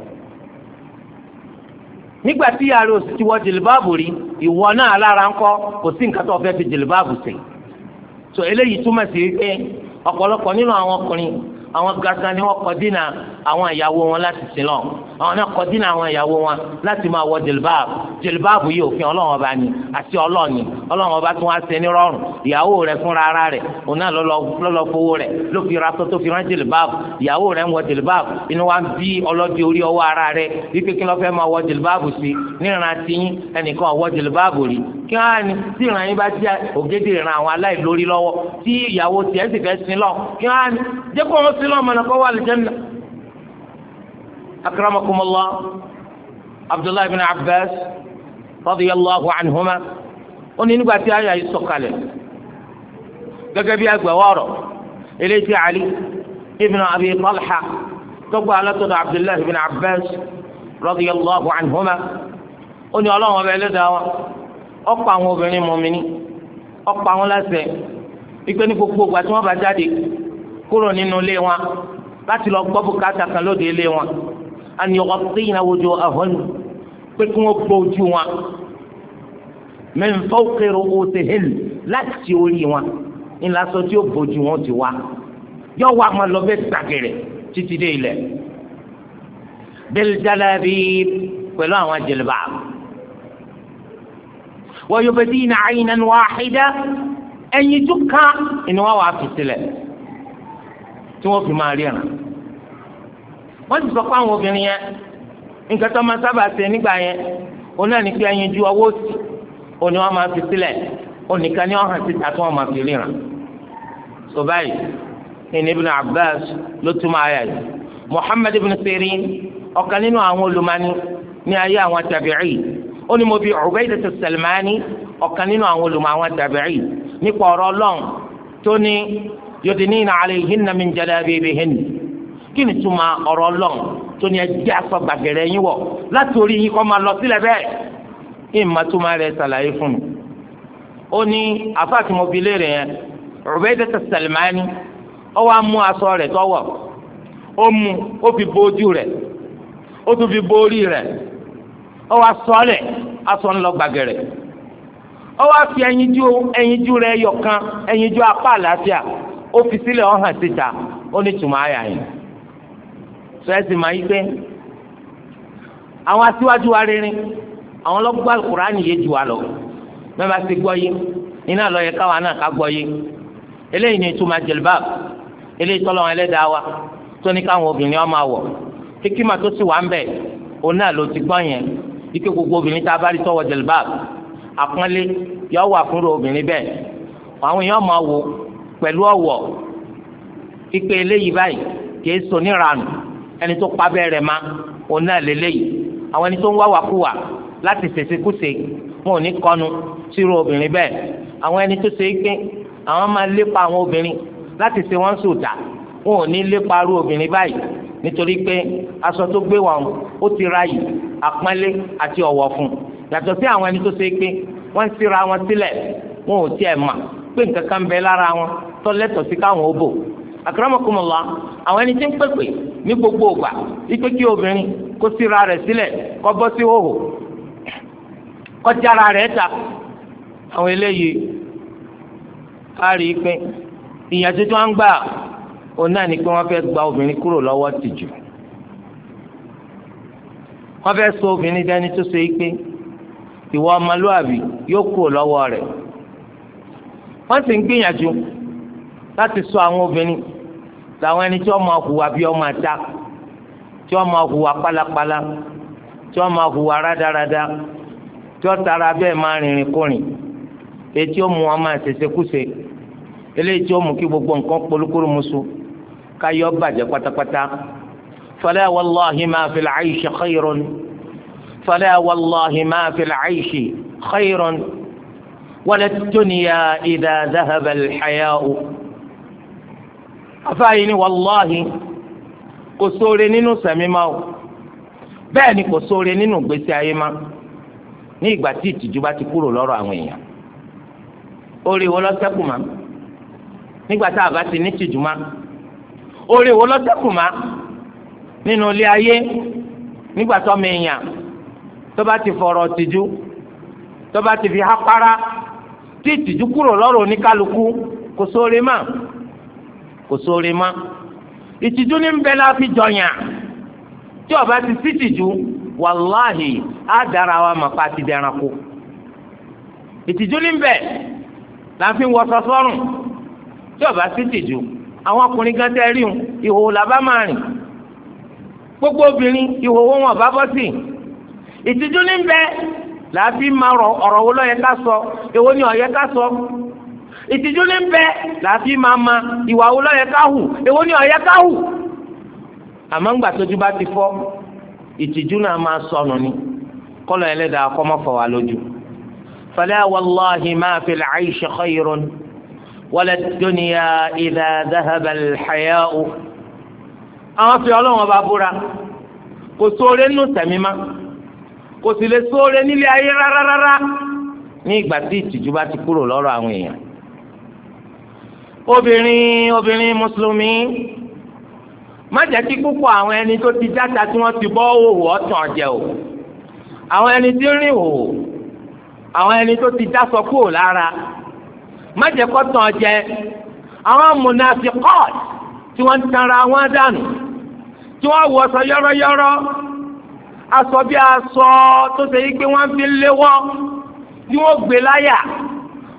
nígbà tí ìyá rẹ ò ti wọ jìlìbáàbò rí ìwọ náà lára ńkọ́ kò sí nǹkan tó fẹ́ fi jìlìbáàbò ṣe so eléyìí túmọ̀ sí pé ọ̀pọ̀lọpọ̀ nínú àwọn ọkùnrin àwọn gàtà ni wọn kọ dínà àwọn ìyàwó wọn láti sin lọ àwọn náà kọ dínà àwọn ìyàwó wọn láti máa wọ jìlbáàbù jìlbáàbù yìí òfin ọlọ́wọ́n bá ní àti ọlọ́ọ̀ni ọlọ́wọ́n bá tún wá ṣe ní rọrùn ìyàwó rẹ fúnra ara rẹ òun náà lọ́lọ́ fowó rẹ ló fi ra sọ́tò fi rán jìlbáàbù ìyàwó rẹ ń wọ jìlbáàbù inú wa ń bí ọlọ́dẹ orí ọwọ́ ara rẹ wípé kí lọ́ fẹ́ máa wọ jìlbáàbù sí níran tiyín ẹnìkan ọ̀wọ́ jìlbáàbù rí kí wọn á ní tí ìran yín bá jẹ ògidì ìran àwọn aláìlórí lọ́wọ́ tí ìyàwó tiẹ̀ sì fẹ́ sin lọ kí wọn á ní jẹ́ kó wọn sin lọ mọ̀nà kó wà lìjẹ́nà. akramakumullah abdullahi bin abbas radiyallahu anhuma ó ní nígbà tí ayé ayé sọ̀kalẹ̀ gẹ́gẹ́ bí agbẹ̀wọ́rọ̀ eléyìí tí ali ibn abi talha tọgbà alátọ́dọ̀ abdullahi bin abbas radiyallahu anhuma ó ní ọlọ́run ọba ẹlẹ́dàá wa ọ̀pọ̀ àwọn obìnrin mọ̀mìnì ọ̀pọ̀ àwọn láṣẹ wípé ní gbogbo ìgbà tí wọ́n bá jáde kúrò nínú ilé wọn láti lọ gbọ́ bùkátà kan lóde ilé wọn àni ọ̀pẹ̀yìn àwùjọ àhọ́n pé kí wọ́n gbọ́ ojú wọn mẹ́fọ́ kẹrọ oṣù hẹ́lì láti orí wọn ńlá sọ tí ó bójú wọn ti wá yọ wá máa lọ bẹ́ẹ̀ gbàgẹ̀rẹ̀ títí dé ilẹ̀ bẹ́ẹ̀ jalabi pẹ̀lú àwọn jẹlẹ̀bà. ويبدين عينا واحدة أن يجكا إن ووا في سلة تو في مارينا wọ́n ti sọ pé àwọn obìnrin yẹn nǹkan tó máa sábà ṣe nígbà yẹn òun náà ní pé ẹyin ju ọwọ́ sí òun ni wọ́n máa fi sílẹ̀ òun nìkan ni wọ́n hàn síta tí wọ́n máa fi ríran. sọ báyìí ìní ibn Abbas ló túmọ̀ ayà yìí Muhammad ibn Sirin ọ̀kan nínú àwọn olùmọ̀ni ní ayé àwọn tàbí'í ó ní mo bi Ubaydah as-Salmani ọ̀kan nínú àwọn olùmọ̀ àwọn tàbíì nípa ọ̀rọ̀ Ọlọ́run tó ní yudnina kí ni túmọ̀ ọ̀rọ̀ Ọlọ́run tó ní ẹjẹ́ aṣọ gbàgẹ̀rẹ̀ yín wọ̀ láti orí yín máa lọ sílẹ̀ bẹ́ẹ̀ ìmọ̀ túmọ̀ rẹ̀ ṣàlàyé fún mi as ó wá mú aṣọ rẹ̀ tọ́wọ̀ ó ọ wá sọlẹ̀ aṣọ ńlọ gbàgẹ̀rẹ̀ ọ wá fi ẹyinjú ẹyinjú rẹ yọkan ẹyinjú apá àlàáfíà ó fi sílẹ̀ ọ̀hàn síta ó ní tùmọ̀ àyà yìí sọ ẹ sì máa yí pé àwọn aṣíwájú wa rere àwọn lọ́gbà kùránì yé jù wá lọ mẹ́fà sí gbọ́ yé iná lọ yẹ káwa náà ká gbọ́ yé eléyìí ni ìtumọ̀ jilbab eléyìí tọ́lọ́ ẹlẹ́dàá wa tó káwọn obìnrin ọmọ àwọ̀ kíkí màá tó sì wá ń bẹ̀ òun náà ló ti gbọ́ yẹn ike gbogbo obìnrin tá a bá rí tọwọ jilbab àpọ́nlé yọ wà fúnra obìnrin bẹ́ẹ̀ àwọn èèyàn máa wò pẹ̀lú ọ̀wọ̀ ipe eléyìí báyìí kìí so níranù ẹni tó pa bẹ́ẹ̀ rẹ̀ ma òun náà lélẹ́yìí àwọn ẹni tó ń wá wàkúwà láti ṣèṣekúṣe wọn ò ní kọnu sírò obìnrin bẹ́ẹ̀ àwọn ẹni tó ṣe é gbé àwọn máa lépa àwọn obìnrin láti ṣe wọ́n sùn dà wọn ò ní lépa arú obìnrin báyìí nítorí pé aṣọ tó gbé wọn ó ti ra yìí àpọ́nlé àti ọ̀wọ̀ fún un yàtọ̀ sí àwọn ẹni tó ṣe pé wọ́n ń síra wọn sílẹ̀ wọn ò tiẹ̀ mà pé nǹkan kan bẹ lára wọn tó lẹ́tọ̀ọ́ sí káwọn ó bò àkàràmọ̀kùnmọ̀lá àwọn ẹni tí ń pèpè ní gbogbo ògbà wípé kí obìnrin kó síra rẹ̀ sílẹ̀ kó bọ́ sí hòhò kó jára ta àwọn eléyìí á rí i pé ìyàtọ̀ tó ń gbà o náà ni pé wọn fẹ́ gba obìnrin kúrò lọwọ tìjú wọn fẹ́ sọ obìnrin dání tó ṣe pé ìwà ọmọlúwàbí yóò kúrò lọwọ rẹ. wọ́n sì ń gbìyànjú láti sọ àwọn obìnrin làwọn ẹni tí wọ́n máa hùwà bí ọmọ ata, tí wọ́n máa hùwà pálapàla tí wọ́n máa hùwà rádaràda tí tara bẹ́ẹ̀ máa rìnrìn kùnrin èyí tí ó mú wọn máa kúṣe eléyìí tí ó mú kí gbogbo nǹkan polúkúrú káyọ bàjẹ́ pátápátá fala wallahi ma fil aishi khayrun fala wallahi ma fil aishi khayrun wala dunya idha dhahaba al-haya'u afáyín ni wallahi kò sóore nínú sẹ̀mí máa o bẹ́ẹ̀ ni kò sóore nínú ìgbésí ayé máa ní ìgbà tí ìtìjú bá ti kúrò lọ́rọ̀ àwọn èèyàn orí wo máa nígbà tá a bá ti ní ìtìjú máa orí wo lọ́dẹ́kùnmá nínú ilé ayé nígbà tó mi yàn tó bá ti fọrọ tìjú tó bá ti fi hápára tí ìtìjú kúrò lọ́rọ̀ oníkálukú kò sóore mọ́ kò sóore ìtìjú ní bẹ́ẹ̀ la fi jọyàn tí ó bá ti sí ìtìjú wàláhì á dára wa pa ti àwọn ọkùnrin gan tẹ́ rí wọn ìhòòhò làbá máa rìn gbogbo obìnrin ìhòòhò wọn bá bọ́ sí ìtìjú ní bẹ làáfi máa rọ ọ̀rọ̀ wo lọ́yẹ ká sọ èwo ni ọ̀yẹ ká sọ ìtìjú ní bẹ làáfi máa ma ìwà wo lọ́yẹ ká hù èwo ni ọ̀yẹ ká hù àmọ́ ńgbà tójú bá ti fọ́ ìtìjú náà máa sọnù ni kọ́lọ̀ ẹlẹ́dàá kọ́mọ́fọ̀ wà lójú fala wallahi ma fil aishi khayrun wọlé الدنيا إذا ذهب lẹ́yà o. àwọn fi بابورا. bá búra kò sóore nù tẹ̀mí ma kò sì lè sóore nílé ayé rárára ní ìgbà tí ìtìjú bá ti kúrò lọ́rọ̀ àwọn èèyàn. obìnrin obìnrin mùsùlùmí má jẹ́ kí púpọ̀ àwọn ẹni tó ti játa tí wọ́n ti bọ́ òwò ọ̀tàn jẹ o àwọn ẹni tí ń rìn òwò àwọn ẹni tó ti já sọ kúrò lára má jẹ́ kó tàn jẹ àwọn munafiqat tí wọ́n ń tanra wọn dànù tí wọ́n wọ aṣọ yọ́rọ́yọ́rọ́ aṣọ bí aṣọ tó ṣe yí pé wọ́n fi léwọ́ tí wọ́n gbé láyà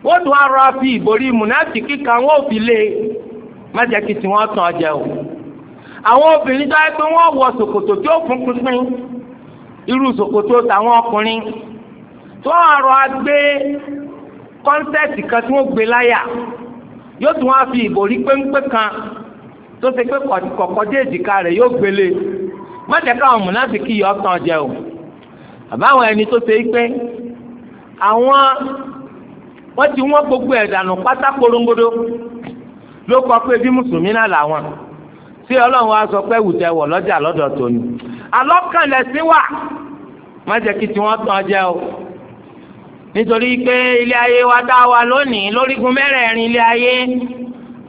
wọ́n tún arọ afi ìborí munafiki kan wọ́n fi lé má jẹ́ kí tí wọ́n tàn jẹ o àwọn obìnrin tó pé wọ́n wọ ṣòkòtò tí ó fún pínpín irú ṣòkòtò tàwọn ọkùnrin tí wọ́n arọ agbé kọ́nsẹ́ẹ̀tì kan tí wọ́n gbé láyà yóò tún wá fi ìbòrí péńpé kan tó ṣe pé kọ̀kọ́ dé èjìká rẹ̀ yóò gbélé mọ́tẹ́ká ọ̀mù láti kí iyọ̀ tán jẹ o àbáwọn ẹni tó ṣe é pé àwọn wọ́n ti wọ́n gbogbo ẹ̀dànù pátá korongodo ló kọ pé bí mùsùlùmí náà làwọn tí ọlọ́run wa sọ pé wùtẹ́ wọ̀ lọ́jà lọ́dọ̀ tòní alọ́kànlẹ̀ sí wà má jẹ́ kí tán jẹ o nítorí pé ilé ayé wa dá wa lónìí lórígun mẹ́rẹ̀ẹ̀rin ilé ayé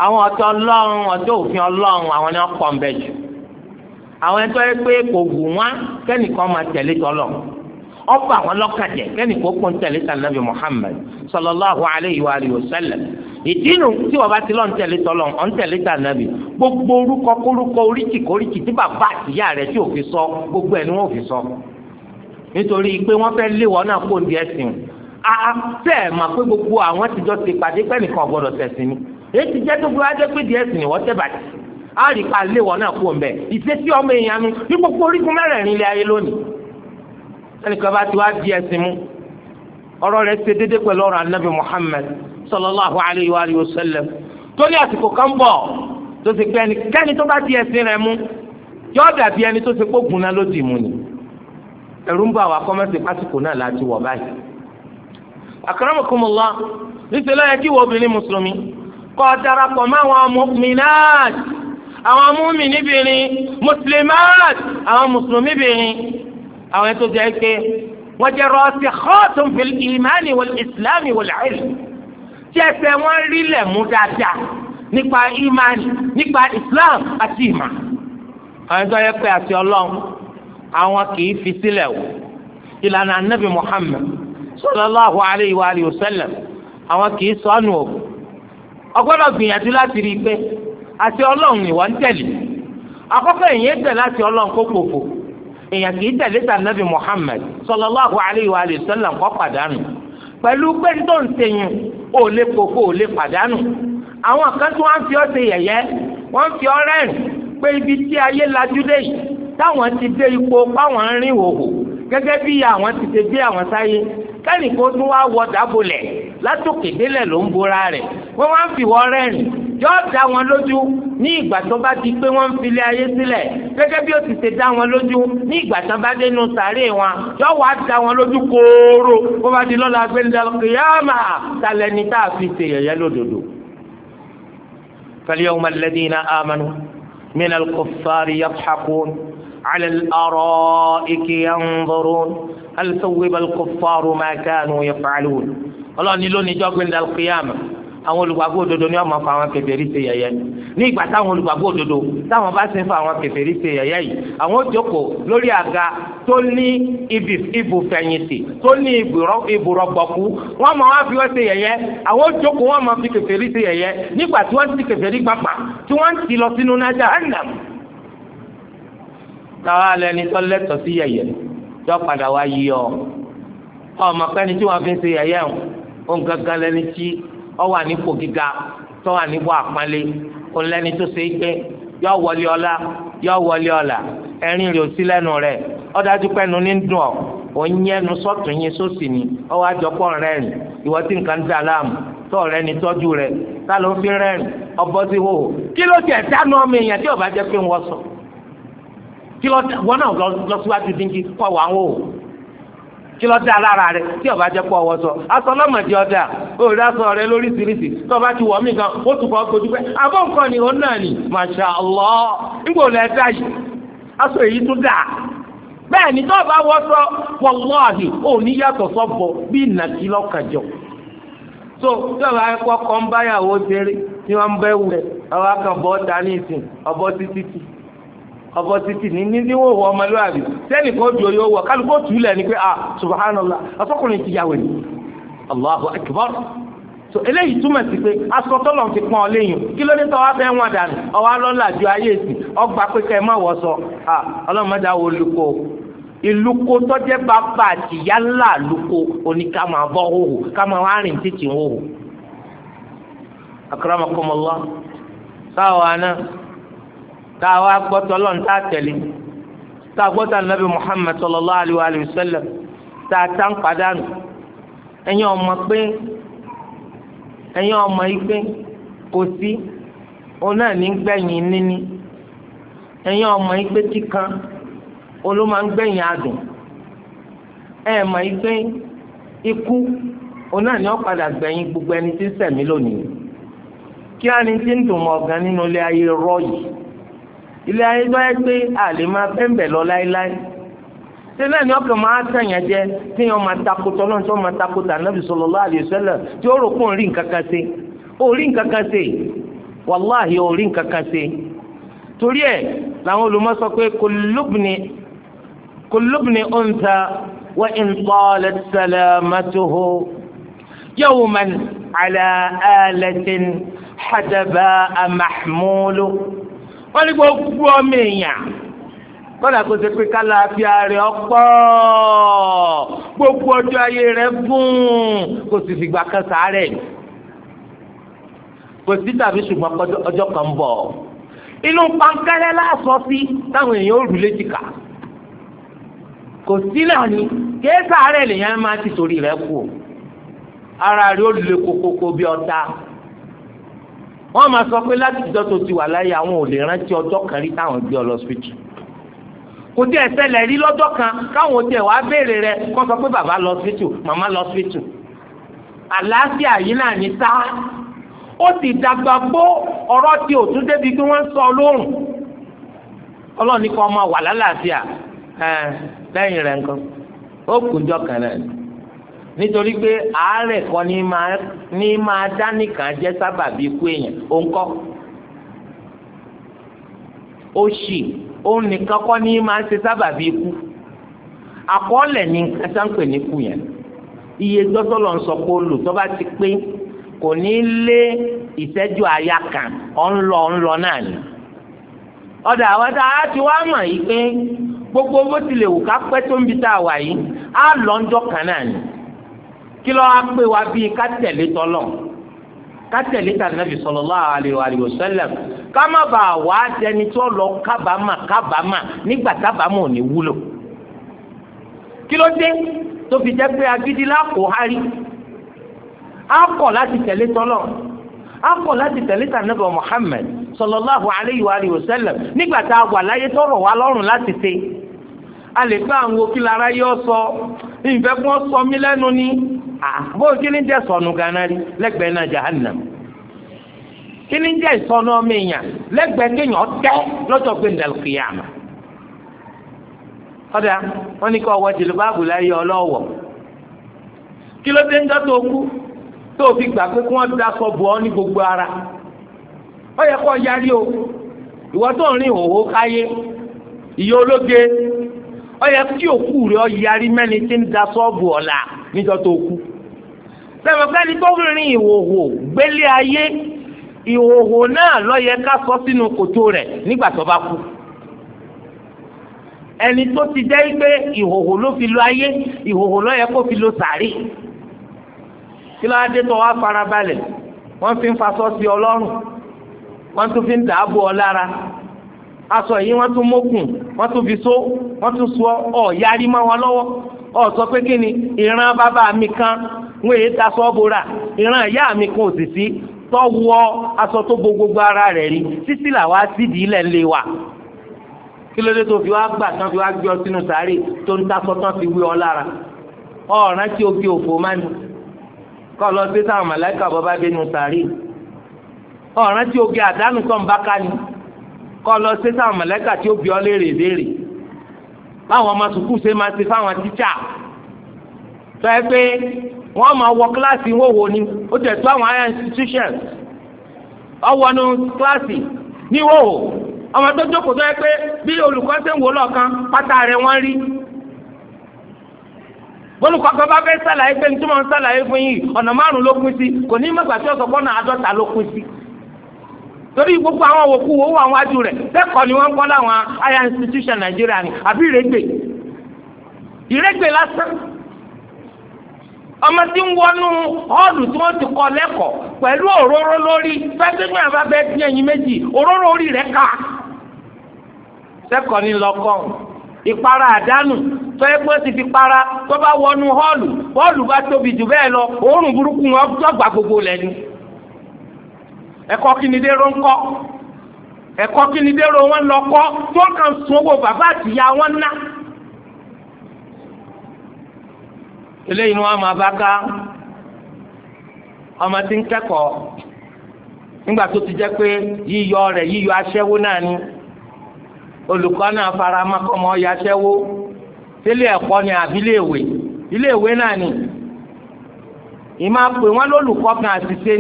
àwọn ọ̀tọ̀ ọlọ́run ọ̀tọ̀ òfin ọlọ́run àwọn ni wọ́n pọ̀ ń bẹ̀ jù àwọn ẹ̀tọ́ yẹ pé kò wù wọ́n kẹ́nìkan máa tẹ̀lé tọ́lọ̀ ọ̀pọ̀ àwọn lọ́kàjẹ́ kẹ́nìkan kò ń tẹ̀lé tànàbí Muhammad sallallahu alayhi wa alihi wa sallam ìdínú tí wọ́n bá ti lọ ń tẹ̀lé tọ́lọ̀ ń tẹ̀lé tànàbí gbogbo orúkọ kórúkọ oríkì kóríkì tí bàbá àtìyá rẹ̀ tí òfin sọ gbogbo ẹ̀ ni wọ́n òfin sọ nítorí pé wọ́n fẹ́ lé wọn náà kó ń di ẹ̀sìn àtẹ ah, ah, mà pé gbogbo àwọn tìjọ ti pàdé pẹ́nìkan gbọ́dọ̀ tẹ̀sìn ni èyí ti jẹ́ tó gbọ́dọ̀ ajẹ́ pé díẹ̀ sì ni wọ́n tẹ̀ bàjẹ́ á rí pa lé wọn náà kú ọ̀nbẹ ìṣesí ọmọ èèyàn mi ní gbogbo orígun mẹ́rẹ̀ẹ̀rin ilé ayé lónìí ẹnìkan bá ti wá di ẹ̀sìn mú ọ̀rọ̀ rẹ̀ ṣe déédéé pẹ̀lú ọ̀rọ̀ anábì Muhammad sallallahu alayhi wa alihi wa sallam torí àsìkò kan bọ̀ tó ti pẹ́ ẹnikẹ́ni tó bá di ẹ̀sìn rẹ̀ mú yọ dàbí ẹni tó ti pé ògùn náà ló dì mú ni ẹ̀rù ń bọ̀ àwọn akọ́mọ́sí pásìkò náà láti wọ̀ báyìí akramakumullah níṣẹ́ lọ́yẹ kí wọ́n obìnrin mùsùlùmí kọ́ darapọ̀ mọ́ àwọn mu'minat àwọn mùmíní bìnrin mùsùlùmáàt àwọn mùsùlùmí bìnrin àwọn ètò jẹ́ pé wọ́n jẹ́ rasikhatun fil imani wal islami wal ilm tí ẹsẹ̀ wọn rí lẹ̀ mú dáadáa nípa imani nípa islam àti ìmà àwọn ètò yẹ àti ọlọ́run àwọn kì í fi sílẹ̀ wò ìlànà anabi muhammed sallallahu alayhi wa alihi wa sallam àwọn kì í sọnù o ọgbọ́dọ̀ gbìyànjú láti rí i pé àti Ọlọ́run ni wọ́n ń tẹ̀lé àkọ́kọ́ èèyàn tẹ̀ láti Ọlọ́run kó pòfò èèyàn kì í tẹ̀lé tànàbì Muhammad sallallahu alayhi wa alihi wa sallam kó pàdánù pẹ̀lú pé tó ń tẹ̀yìn ò lè pòfò ò lè pàdánù àwọn kan tí wọ́n fi ọ́ ṣe yẹ̀yẹ́ wọ́n fi ọ́ rẹ́rìn pé ibi tí ayé lajú dé yìí táwọn ti dé ipò páwọn ń rìn wòwò gẹ́gẹ́ bí àwọn ti ṣe dé àwọn sáyé kẹ́nì kó tún wá wọ dábòlẹ̀ látòkè délẹ̀ ló ń bora rẹ̀ wọ́n wá ń fi wọ́ rẹ́rìn yọ dá wọn lójú ní ìgbà tó bá di pé wọ́n ń filé ayé sílẹ̀ gẹ́gẹ́ bí ó ti ṣe dá wọn lójú ní ìgbà tó bá dénú sàárè wọn yọ wá dá wọn lójú kóró bó bá di lọ́la gbẹ́ndé kìyàmà talẹ́ni tá a fi ṣe yẹ̀yẹ́ lódodo. فاليوم الذين آمنوا من الكفار يضحكون على الأرائك ينظرون هل ثوب الكفار ما كانوا يفعلون الله ني لوني من القيامة àwọn olùgbàgbọ́ òdodo ni wọ́n máa fa àwọn kèfèrí ṣe yẹ̀yẹ́ ní ìgbà táwọn olùgbàgbọ́ òdodo táwọn bá ṣe ń fa àwọn kèfèrí ṣe yẹ̀yẹ́ yìí àwọn jókòó lórí àga tó ní ibùfẹ̀yìntì tó ní ibùrọ̀gbọ̀kú wọ́n máa wá fi wọ́n ṣe yẹ̀yẹ́ àwọn jókòó wọ́n máa fi kèfèrí ṣe yẹ̀yẹ́ nígbà tí wọ́n ti kèfèrí gbàgbà tí wọ́n ti lọ sínú náà táwọn alẹ́ ni tó lẹ́tọ̀ọ́ sí yẹ̀yẹ́ padà wá yí ọ ọmọ pẹ́ni tí wọ́n fi ń se gángan lẹni tí ọ wà nípò gíga tó wà nípò àpọ́nlé òun lẹni tó ṣe yọ wọlé ọlá yọ wọlé ọlà ẹ̀rín rẹ̀ ò sí lẹ́nu rẹ̀ dájú ní dùn ni wá rẹ ni tọ́jú rẹ̀ kí lọ wọn náà lọ síwájú dínkì kọ wà ń wò kí lọ lára rẹ tí ọba jẹ pọ ọwọ sọ aṣọ ọlọmọdé ọdà òòrè aṣọ rẹ lóríṣiríṣi tí ọba ti wọ mí gan ó tún kọ ọkọ dúpẹ́ àbọ nǹkan ni òun náà ni masha allah nígbà òun yìí aṣọ èyí tún dà bẹ́ẹ̀ ni ọba wọ sọ so tí ọba báyàwó ṣeré tí wọn bẹ wù rẹ ọba kan bọ ọta ní ìsìn ọbọ títí ọbọ títì ní níníwò wọ ọmọlúwàbí sẹ́ni kan ju oyè owó kálukú tù ni pé a ah, subhanallah ọsọkùnrin ti yàwé ni allahu so eléyìí túmọ̀ sí pé aṣọ tọ́lọ̀ fi ọ léyìn kí ló wá fẹ́ wọn dànù ọwọ́ alọ́lá ju ayé ọgbà pé kẹ́ ẹ má wọ sọ tá a wá gbọ́tọ̀ lọ́n tá tẹ̀lé tá gbọ́tọ̀ nàbì Muhammad sallallahu alayhi wa sallam tá a tán padànù ẹ̀yin ọmọ pé ẹ̀yin ọmọ yìí pé kò sí òun náà ní gbẹ̀yìn níní ẹ̀yin ọmọ yìí pé kíkan olóma ń gbẹ̀yìn adùn ẹ̀ mọ̀ yìí pé ikú òun náà ní ó gbẹ̀yìn gbogbo ẹni tí ń sẹ̀mí lónìí kí á ní tí ń dùn mọ́ ọ̀gá nínú ilé ayé rọ́ yìí ilé ayé tó yẹ pé àlè máa bẹ́ńbẹ̀ lọ láéláé sílẹ̀ ni ọkàn máa tẹ̀yàn jẹ tí yẹn máa takotọ́ lọ́nà tí wọ́n máa takotọ́ ànábì sallallahu alaihi wasallam tí ó rò pé òun rí nǹkan kan ṣe òun rí nǹkan kan ṣe wàláhì òun nǹkan kan ṣe torí ẹ̀ làwọn olùmọ̀ sọ pé kullubni untha wa in talat salamatuhu yawman ala alatin hadaba mahmulu wọ́n ní gbogbo ọmọ èèyàn kọ́dà kó ṣe pé kálá fi ààrẹ ọ̀pọ̀ gbogbo ọjọ́ ayé rẹ̀ fún kò sì fìgbà kan sàárẹ̀ kò sí tàbí ṣùgbọ́n ọjọ́ kan ń bọ̀ inú pankẹ́lẹ́ lásán sí táwọn èèyàn ò rú léjìká kò sí náà ni kéésà rẹ̀ lèèyàn máa ti torí rẹ̀ kù ara rẹ̀ ó le kókókó bí ọta. wọ́n máa sọ pé láti ìjọ tó ti wà láyé àwọn ò lè rántí ọjọ́ kan rí táwọn gbé ọ lọ kò tí ẹ rí lọ́jọ́ kan káwọn tiẹ̀ wá béèrè rẹ kó sọ pé bàbá lọ síbítù màmá lọ àlàáfíà yìí náà ní ó sì dàgbà gbó ọ̀rọ̀ débi kí wọ́n sọ lóhùn ọlọ́ọ̀ni kan máa wà lálàáfíà lẹ́yìn rẹ̀ kan náà nítorí pé àárẹ̀ kan ní máa ní máa dá nìkan jẹ́ sábàbí ikú èèyàn ó ń kọ́ ó ṣì òun nìkan kọ́ ní máa ń ṣe sábàbí ikú àkọọ́lẹ̀ ní kásánpè ní ikú yẹn iye gbọ́sọ̀lọ̀ ń sọ pé ó tó bá ti pé kò ní lé ìṣẹ́jú àyà kan ọ̀nlọ ọ̀nlọ náà ni ọ̀dà àwọn tá a ti wá mọ̀ yìí pé gbogbo bó tilẹ̀ wù ká pẹ́ tó ń bi tá a wà yìí á lọ́njọ́ kan náà ni kí ló wá pé wá bíi ká tẹ̀lé tọ́lọ̀ ká tẹ̀lé tànàbì sallallahu alaihi wa sallam ká má bàa wá dẹni tí ó lọ kábàámà kábàámà nígbà kábàámà ò ní wúlò kí ló dé tó fi jẹ́ pé agídí lákò hárí á kọ̀ láti tẹ̀lé tọ́lọ̀ á kọ̀ láti tẹ̀lé tànàbì Muhammad sallallahu alaihi wa sallam nígbà tá a wà láyé tọ́rọ̀ wá lọ́rùn láti ṣe a lè gbá àwọn òkìlà ara sọ ìfẹ́ fún ọsọ mi lẹ́nu ni bó kí jẹ́ sọnù gánà rí lẹ́gbẹ̀ẹ́ náà jahannam kí jẹ́ ìsọnù ọmọ èèyàn lẹ́gbẹ̀ẹ́ kéèyàn tẹ́ lọ́jọ́ pé ndàlùkìyàmà ọ̀dà wọn ni kò wọ láyé kí ló dé ń tó kú tó fi gbà pé gbogbo ara yarí o tó ń òwò káyé ó yẹ kí òkú rẹ̀ ọ yarí mẹ́ni tí ń da sọ́ọ̀bù ọ̀la níjọ́ tó kú sẹ́mọ̀kẹ́ni tó rìnrìn ìhòhò gbélé ayé ìhòhò náà ló yẹ ká sọ sínú kòtò rẹ̀ nígbà tó bá kú ẹni tó ti jẹ́ pé ìhòhò ló fi lo ayé ìhòhò ló yẹ kó fi lo sàárì kí ló adé tó wá farabalẹ̀ wọ́n fi ń fa sọ́ọ̀sì ọlọ́run wọ́n tún fi ń dààbò ọ aṣọ yìí wọ́n tún mókùn wọ́n tún fi so wọ́n tún so ọ̀ yarí mọ́ wọn lọ́wọ́ ọ̀ sọ pé kí ni ìran bàbá mi kan ń wèé daṣọ bora ìran ìyá mi kan ò sì sí tọ́wọ́ aṣọ tó bo gbogbo ara rẹ̀ rí títí làwa sídìí ilẹ̀ ńlẹ̀ wa kí ló dé tó fi wá gbà tán fi wá gbé ọ sínú sàárè tó ń takọ tán fi wé ọ lára ọ̀ràn tí o fi òfò máa ní kọ́ lọ sí sáwọn màláìka bọ́ bá dé nù sàárè ọ̀ràn tí o fi àdánù tán bá ká ni. kọ́ lọ sí sáwọn mọ̀lẹ́kà tí ó bí ọ léèrè léèrè báwọn ọmọ sùkúù ṣe máa ṣe fáwọn ẹ pé wọ́n máa wọ kíláàsì wòwò ni ó tẹ̀ tó àwọn higher institutions ọwọ́nu kíláàsì ní wòwò ọmọ tó jókòó tó ẹ pé bí olùkọ́ ṣe ń wò lọ́ọ̀kan pátá rẹ̀ wọ́n rí olùkọ́ kan bá fẹ́ sàlàyé pé sàlàyé fún yìí ọ̀nà márùn-ún ló torí gbogbo àwọn òkú wo wà wájú rẹ̀ bẹ́ẹ̀kọ́ ni wọ́n ń kọ́ higher institution nàìjíríà ni àbí ìrẹ́gbẹ̀ ìrẹ́gbẹ̀ lásán ọmọ tí ń wọnú ọ́ọ̀lù tí wọ́n ti kọ lẹ́kọ̀ọ́ pẹ̀lú òróró lórí fẹ́ẹ́gbẹ́gbẹ́ méjì òróró orí ká ni ìpara àdánù ti fi para tó bá wọnú bá tóbi jù bẹ́ẹ̀ ẹ̀kọ́ kí ni ń wọn lọ kọ tí wọ́n kàn sun owó bàbá àtìyá wọn ná. eléyìí ni wọ́n máa bá ká ọmọ tí ń kẹ́kọ̀ọ́ nígbà tó ti jẹ pé yíyọ rẹ yíyọ aṣẹwó náà ni olùkọ náà fara mọ́kànmọ́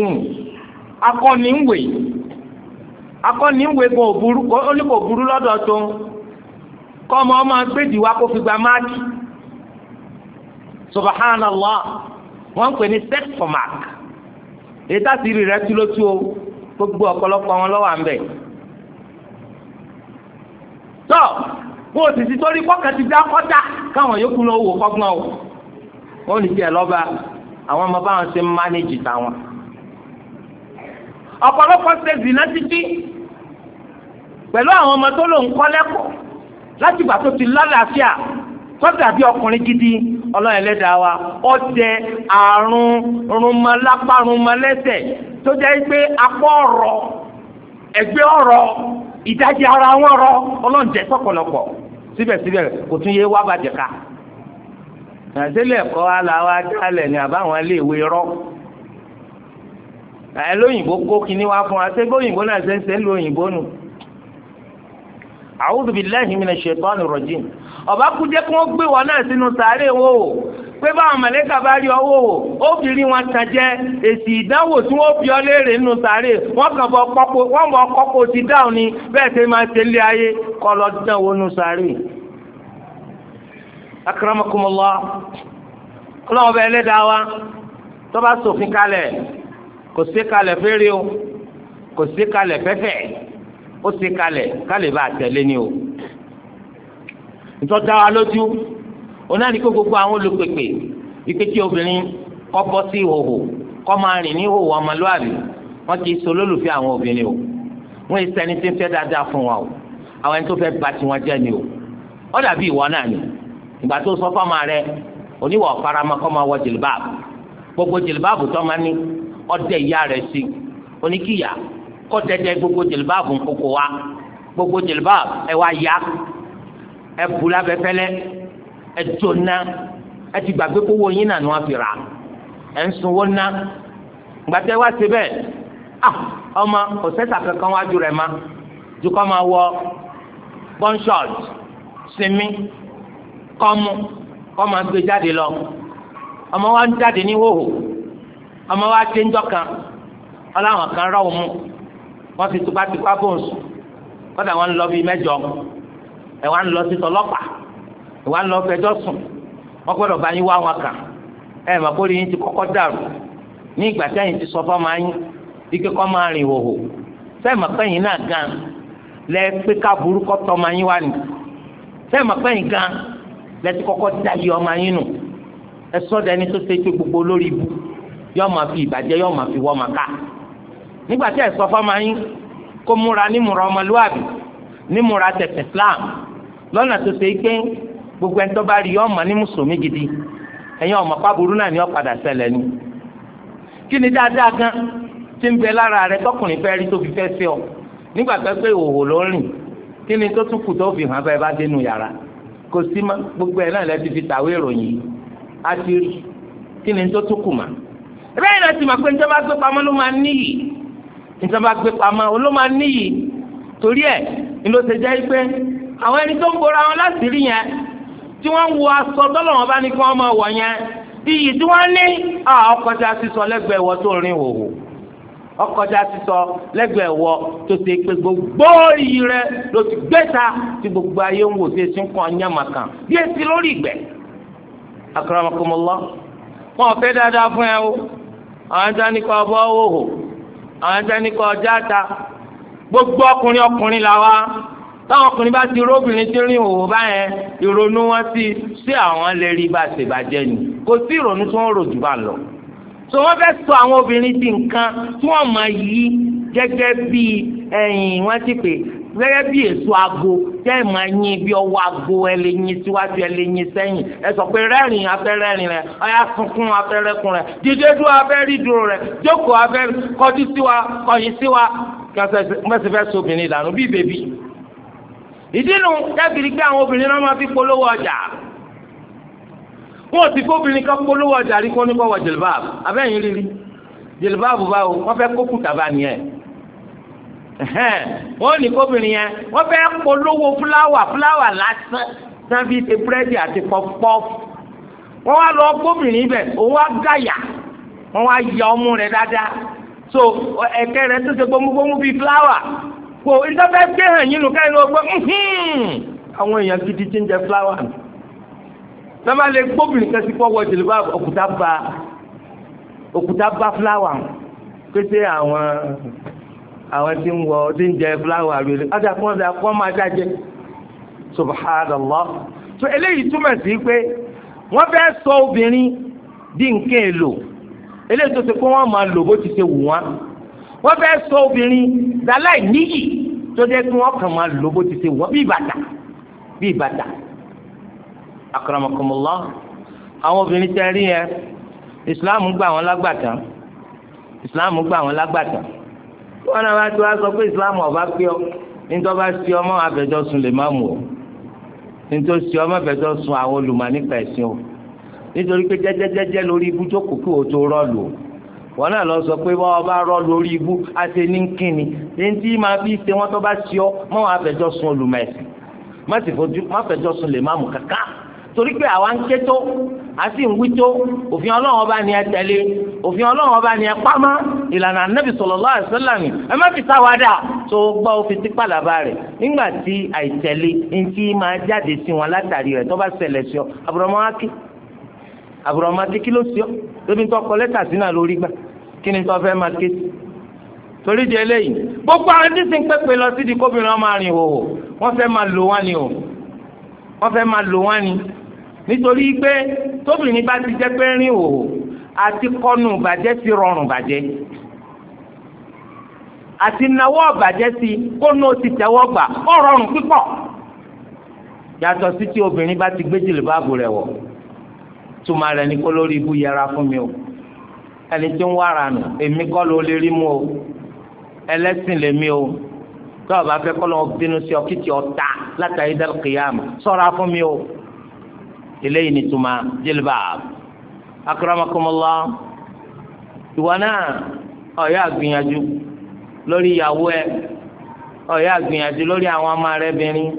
ni akọni ń wè akọni ń wè kò burú ó ní kò burú lọ́dọ̀ tó kọ́ ọmọ ọmọ gbèdì wa kó fi gba máàkì subhanallah wọ́n ń pè ní sex for mark èyí táti rí rẹ túlótú o gbogbo ọ̀pọ̀lọpọ̀ wọn lọ́wọ́ à ń bẹ̀. tọ́ wọn ò sì ti torí kọ́kàn ti dá kọ́tà káwọn yòókù lọ́wọ́ kọ́gbọ́n o wọ́n ní tiẹ̀ lọ́ba àwọn ọmọ báwọn ṣe ń mánéjì táwọn ọ̀pọ̀lọpọ̀ ṣe zìnà títí pẹ̀lú àwọn ọmọ tó lò ń kọ́ lẹ́kọ̀ọ́ láti gbà tó ti lálàáfíà tọ́jà bí ọkùnrin gidi ọlọ́run ẹlẹ́dàá wa ọ̀tẹ̀ àrùn rùnmọ́lápárùnmọ́lẹ́sẹ̀ tó jẹ́ pé apá ọ̀rọ̀ ẹgbẹ́ ọ̀rọ̀ ìdajì ara wọn rọ ọlọ́run jẹ́ sọ̀kọ̀lọ̀kọ̀ síbẹ̀síbẹ̀ kò tún yé wá bàjẹ́ ká. nàìjíríà ẹ̀kọ́ aláwa dálẹ̀ ní àbáwọn iléèwé rọ́ ẹ lóyìnbó kó kinní wá fún wa ṣé bóyìnbó náà ṣe ń ṣe ń lo òyìnbó kú jẹ́ kí wọ́n gbé bá rí ọwọ́ ó fi rí wọn tàn jẹ́ èsì ìdánwò tí wọ́n fi léèrè nínú sàárè wọ́n kàn bọ́ kọ́kọ́ wọ́n bọ́ kọ́kọ́ ti dáhùn ni bẹ́ẹ̀ ṣe kò sí kalẹ̀ fẹ́rẹ́ o kò sí kalẹ̀ fẹ́fẹ́ ó sí kalẹ̀ kalẹ̀ bá tẹ̀lé ni o ìtọ́jà wa lójú onáà ní kó gbogbo àwọn olùpèpè ìpèkì obìnrin kọ́ bọ́ sí ìhòhò kọ́ máa rìn ní ìhòhò ọmọlúwàbí wọ́n ti so lólùfẹ́ àwọn obìnrin o wọ́n ti sẹ́ni tí ń fẹ́ dáadáa fún wa o àwọn ẹni tó fẹ́ bà tiwọn jẹ́ ni o ó dàbí ìwọ náà ni ìgbà tó sọ fọ́ọ̀mà rẹ oníwọ̀ faramọ́ máa wọ jìlbáàbù gbogbo jìlbáàbù tó máa ní ọdẹ ìyá rẹ̀ sí oníkìyà kọ́ tẹ́tẹ́ gbogbo jìlbáàbù nkókó wa gbogbo jìlbáàbù ẹ wá ya ẹ bu lábẹ́fẹ́lẹ́ ẹ tó ná ẹ ti gbàgbé kówó yín nànú wọn fi ẹ ń sunwó ná gbàtẹ́ wá sí bẹ́ẹ̀ ah ọmọ òṣèṣà kankan wájú rẹ̀ ma dukọ́ máa wọ bọ́ńṣọ́ọ̀t sinmi kọ́mu kọ́ máa gbé jáde lọ ọmọ wa ń jáde ní hóhó ọmọ wa ṣe ń jọkan ọláwọn kan rọ òmu wọn fi tipátipá bóun sùn kọ́dà wọn lọ bíi mẹ́jọ ẹ̀ wá ń lọ sí tọlọ́pàá ẹ̀ wá ń lọ fẹjọ́ sùn wọn gbọ́dọ̀ bá yín wá wọn kàn ẹ̀ mà kórè yín ti kọ́kọ́ dàrú ní ìgbà sẹ́yìn ti sọ fọ́ọ̀mù ayín ike kọ́ máa rìn wòhò sẹ́ẹ̀mà pẹ́yìn náà gan lẹ pé ká burúkọ tọ́mọ ayín wá nì sẹ́ẹ̀mà pẹ́yìn gan lẹ ti kọ́kọ́ dá iye ọmọ ayín nù ẹ sọ́dọ̀ ẹni tó ṣe pé gbogbo olórí ibu yóò ma fi ìbàjẹ́ yóò ma fi wọ́ máa ká nígbà tí ẹ sọ fọmọ yín kó múra nímúra ọmọlúwàbí nímúra tẹ̀sẹ̀ slam lọ́nà tó ṣe pé gbogbo ẹni tó bá rí yóò ní gidi ẹ̀yin ọmọ pàbùrú náà ni ó padà ni kí ni dáadáa gan ti ń bẹ lára rẹ tọkùnrin fẹ́ rí fẹ́ ọ nígbà pé ló ń rìn náà lẹ́ ti fi tàwé ìròyìn á ti rí náà ti mọ̀ pé níta bá gbé pamọ́ ló máa níyì níta bá gbé pamọ́ ló máa níyì torí ẹ̀ ni ló ti jẹ́ pé àwọn ẹni tó ń bora wọn láti rí yẹn tí wọ́n ń wo aṣọ tọ́lọ̀ wọn bá ní kí wọ́n máa wọ̀ yẹn iyì tí wọ́n ní ọkọjá sísọ lẹ́gbẹ̀ẹ́ wọ tó rìn wò wò ọkọjá sísọ lẹ́gbẹ̀ẹ́ wọ tó ti pé gbogbo iyì rẹ ló ti gbé ta tí gbogbo ayé ń wò sí etí ń kàn yàmà kan bí etí lórí ìgbẹ́ akramakumullah wọn fẹ́ dáadáa fún ẹ o àwọn ajá ní kọ ọbọ òhò àwọn ajá ní kọ ọjà ta gbogbo ọkùnrin ọkùnrin là wá táwọn ọkùnrin bá ti róbìnrin tí rìn òhò báyẹn ìrònú wọn sí sí àwọn lè rí bá ṣe ni kò sí ìrònú tí wọ́n rò jù bá lọ. so wọ́n fẹ́ sọ àwọn obìnrin di nǹkan tí wọ́n máa yí gẹ́gẹ́ bíi ẹ̀yìn wọ́n ti pè gẹ́gẹ́ bí èso aago tẹ́ ẹ̀ máa yín bí ọwọ́ aago ẹ lè yín síwájú ẹ lè yín sẹ́yìn ẹ sọ pé rẹ́rìn afẹ́rẹ́rìn rẹ ọyá sunkún afẹ́rẹ́kun rẹ dídé dúró afẹ́rí dúró rẹ jókòó afẹ́ kọjú sí wa kọyìn sí wa mẹ́sì fẹ́ so obìnrin dànù bí bèbí. ìdí nu kẹ́kìrì pé àwọn obìnrin náà máa fi polówó ọjà wọn ò sì fóbìnrin kan polówó ọjà rí kó ní kọ́ jìlbáàbù wọ́n ní kóbìnrin yẹn wọ́n fẹ́ polówó fúláwà fúláwà lásán náà fi ṣe búrẹ́dì àti pọ́pọ́ọ̀fù wọ́n wá lọ gbóbìnrin bẹ̀ òun wá gàyà wọ́n wá ya ọmú rẹ̀ dáadáa so ẹ̀kẹ́ rẹ̀ tó ṣe gbómúgbómú bíi fúláwà kò ìjọba gbé hàn yín nù káyìn ló gbé àwọn èèyàn gidi ti ń jẹ fúláwà sábà lè gbóbìnrin kan sí pọ́wọ́ ìdìlúbà òkúta bá òkúta bá fúláwà pèsè àwọn àwọn tí ń wọ tí ń jẹ fúláwà rere ọjà kí wọ́n dà kí wọ́n subhanallah so eléyìí túmọ̀ sí pé wọ́n fẹ́ sọ obìnrin di nǹkan èlò eléyìí tó ti pé wọ́n máa lò bó ti ṣe wù wọ́n wọ́n fẹ́ sọ obìnrin dáláì níyì tó dé kí wọ́n kàn máa lò bó ti ṣe wù wọ́n bí ìbàdà bí ìbàdà akramakumullah àwọn obìnrin tẹ́ rí yẹn ìsìláàmù gbà wọ́n lágbàtàn ìsìláàmù gbà wọ́n lágbàtàn wọn náà wá ti wá sọ pé islam ọba pé ọ nítorí bá sí ọmọ abẹjọ sùn lè má mú o nítorí sí ọmọ abẹjọ sùn àwọn olùmọ̀ nípa ẹ̀sìn o nítorí pé jẹjẹjẹjẹ lórí ibú jókòó kí o tó rọlù o wọn náà lọ sọ pé wọn ọba rọlù orí ibú àti nínkìnnì ní tí máa fi ṣe wọn tó bá sí ọ mọ àwọn abẹjọ sùn olùmọ̀ ẹ̀sìn má sì fojú má fẹjọ sùn lè má mú kankan torí pé àwa ń ké tó a sì ń wí tó òfin ọlọ́run ọba ni ẹ tẹ̀lé òfin ọlọ́run ọba ni ẹ pamọ́ ìlànà anábì sallallahu alaihi wasallam ẹ má fi sáwádà tó gbọ́ òfin tí pàlàbà rẹ̀ nígbà tí àìtẹ̀lé ntí máa jáde sí wọn látàrí rẹ̀ tó bá ṣẹlẹ̀ sí ọ àbùrọ̀mọ́ ákí àbùrọ̀mọ́ ákí kí ló sí ọ lóbi tó kọ lẹ́tà sí náà lórí gbà kí ni tó fẹ́ máa ké sí torí di eléyìí gbogbo àwọn tí o wọ́n fẹ́ nítorí pé tóbìnrin bá ti jẹ́ pé rìn òhò àti kọnu bàjẹ́ sí rọrùn bàjẹ́ àti nawọ́ bàjẹ́ sí kónú ti tẹ́wọ́ gbà ó rọrùn pípọ̀ yàtọ̀ sí tí obìnrin bá ti gbé jìlìbáàbù rẹ̀ wọ̀ tuma rẹ̀ ní kó lórí ibú yẹra fún mi o ẹni tí ń wára nù èmi kọ́ ló lè rí mu o ẹlẹ́sìn lèmi o tọ́ọ̀ bá lọ́wọ́ bínú sí ọ kí tí látàrí dẹ́rù sọ́ra fún mi o eléyìí ni tuma jilbab akramakumullah ìwọ náà ọ̀yọ́ àgbìyànjú lórí ìyàwó ẹ ọ̀yọ́ àgbìyànjú lórí àwọn ọmọ rẹ bìnrin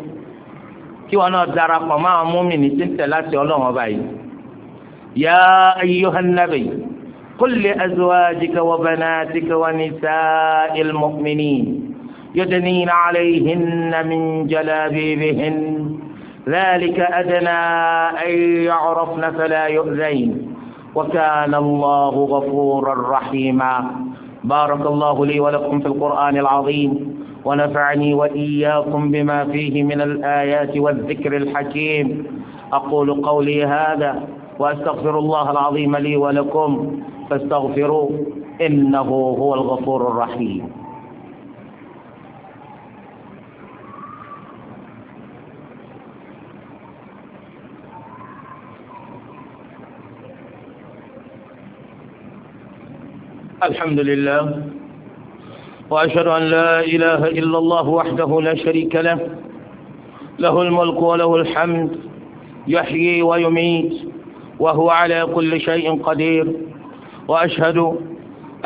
kí wọn náà darapọ̀ mọ́ àwọn múmìnì tí ń tẹ̀ láti ọlọ́run ọba yìí. ya ayyuhan nabi qul li azwajika wa banatika wa nisa'il mu'minin yudnina alayhinna min jalabibihinna. ذلك أدنى أن يعرفن فلا يؤذين وكان الله غفورا رحيما بارك الله لي ولكم في القرآن العظيم ونفعني وإياكم بما فيه من الآيات والذكر الحكيم أقول قولي هذا وأستغفر الله العظيم لي ولكم فاستغفروه إنه هو الغفور الرحيم الحمد لله وأشهد أن لا إله إلا الله وحده لا شريك له له الملك وله الحمد يحيي ويميت وهو على كل شيء قدير وأشهد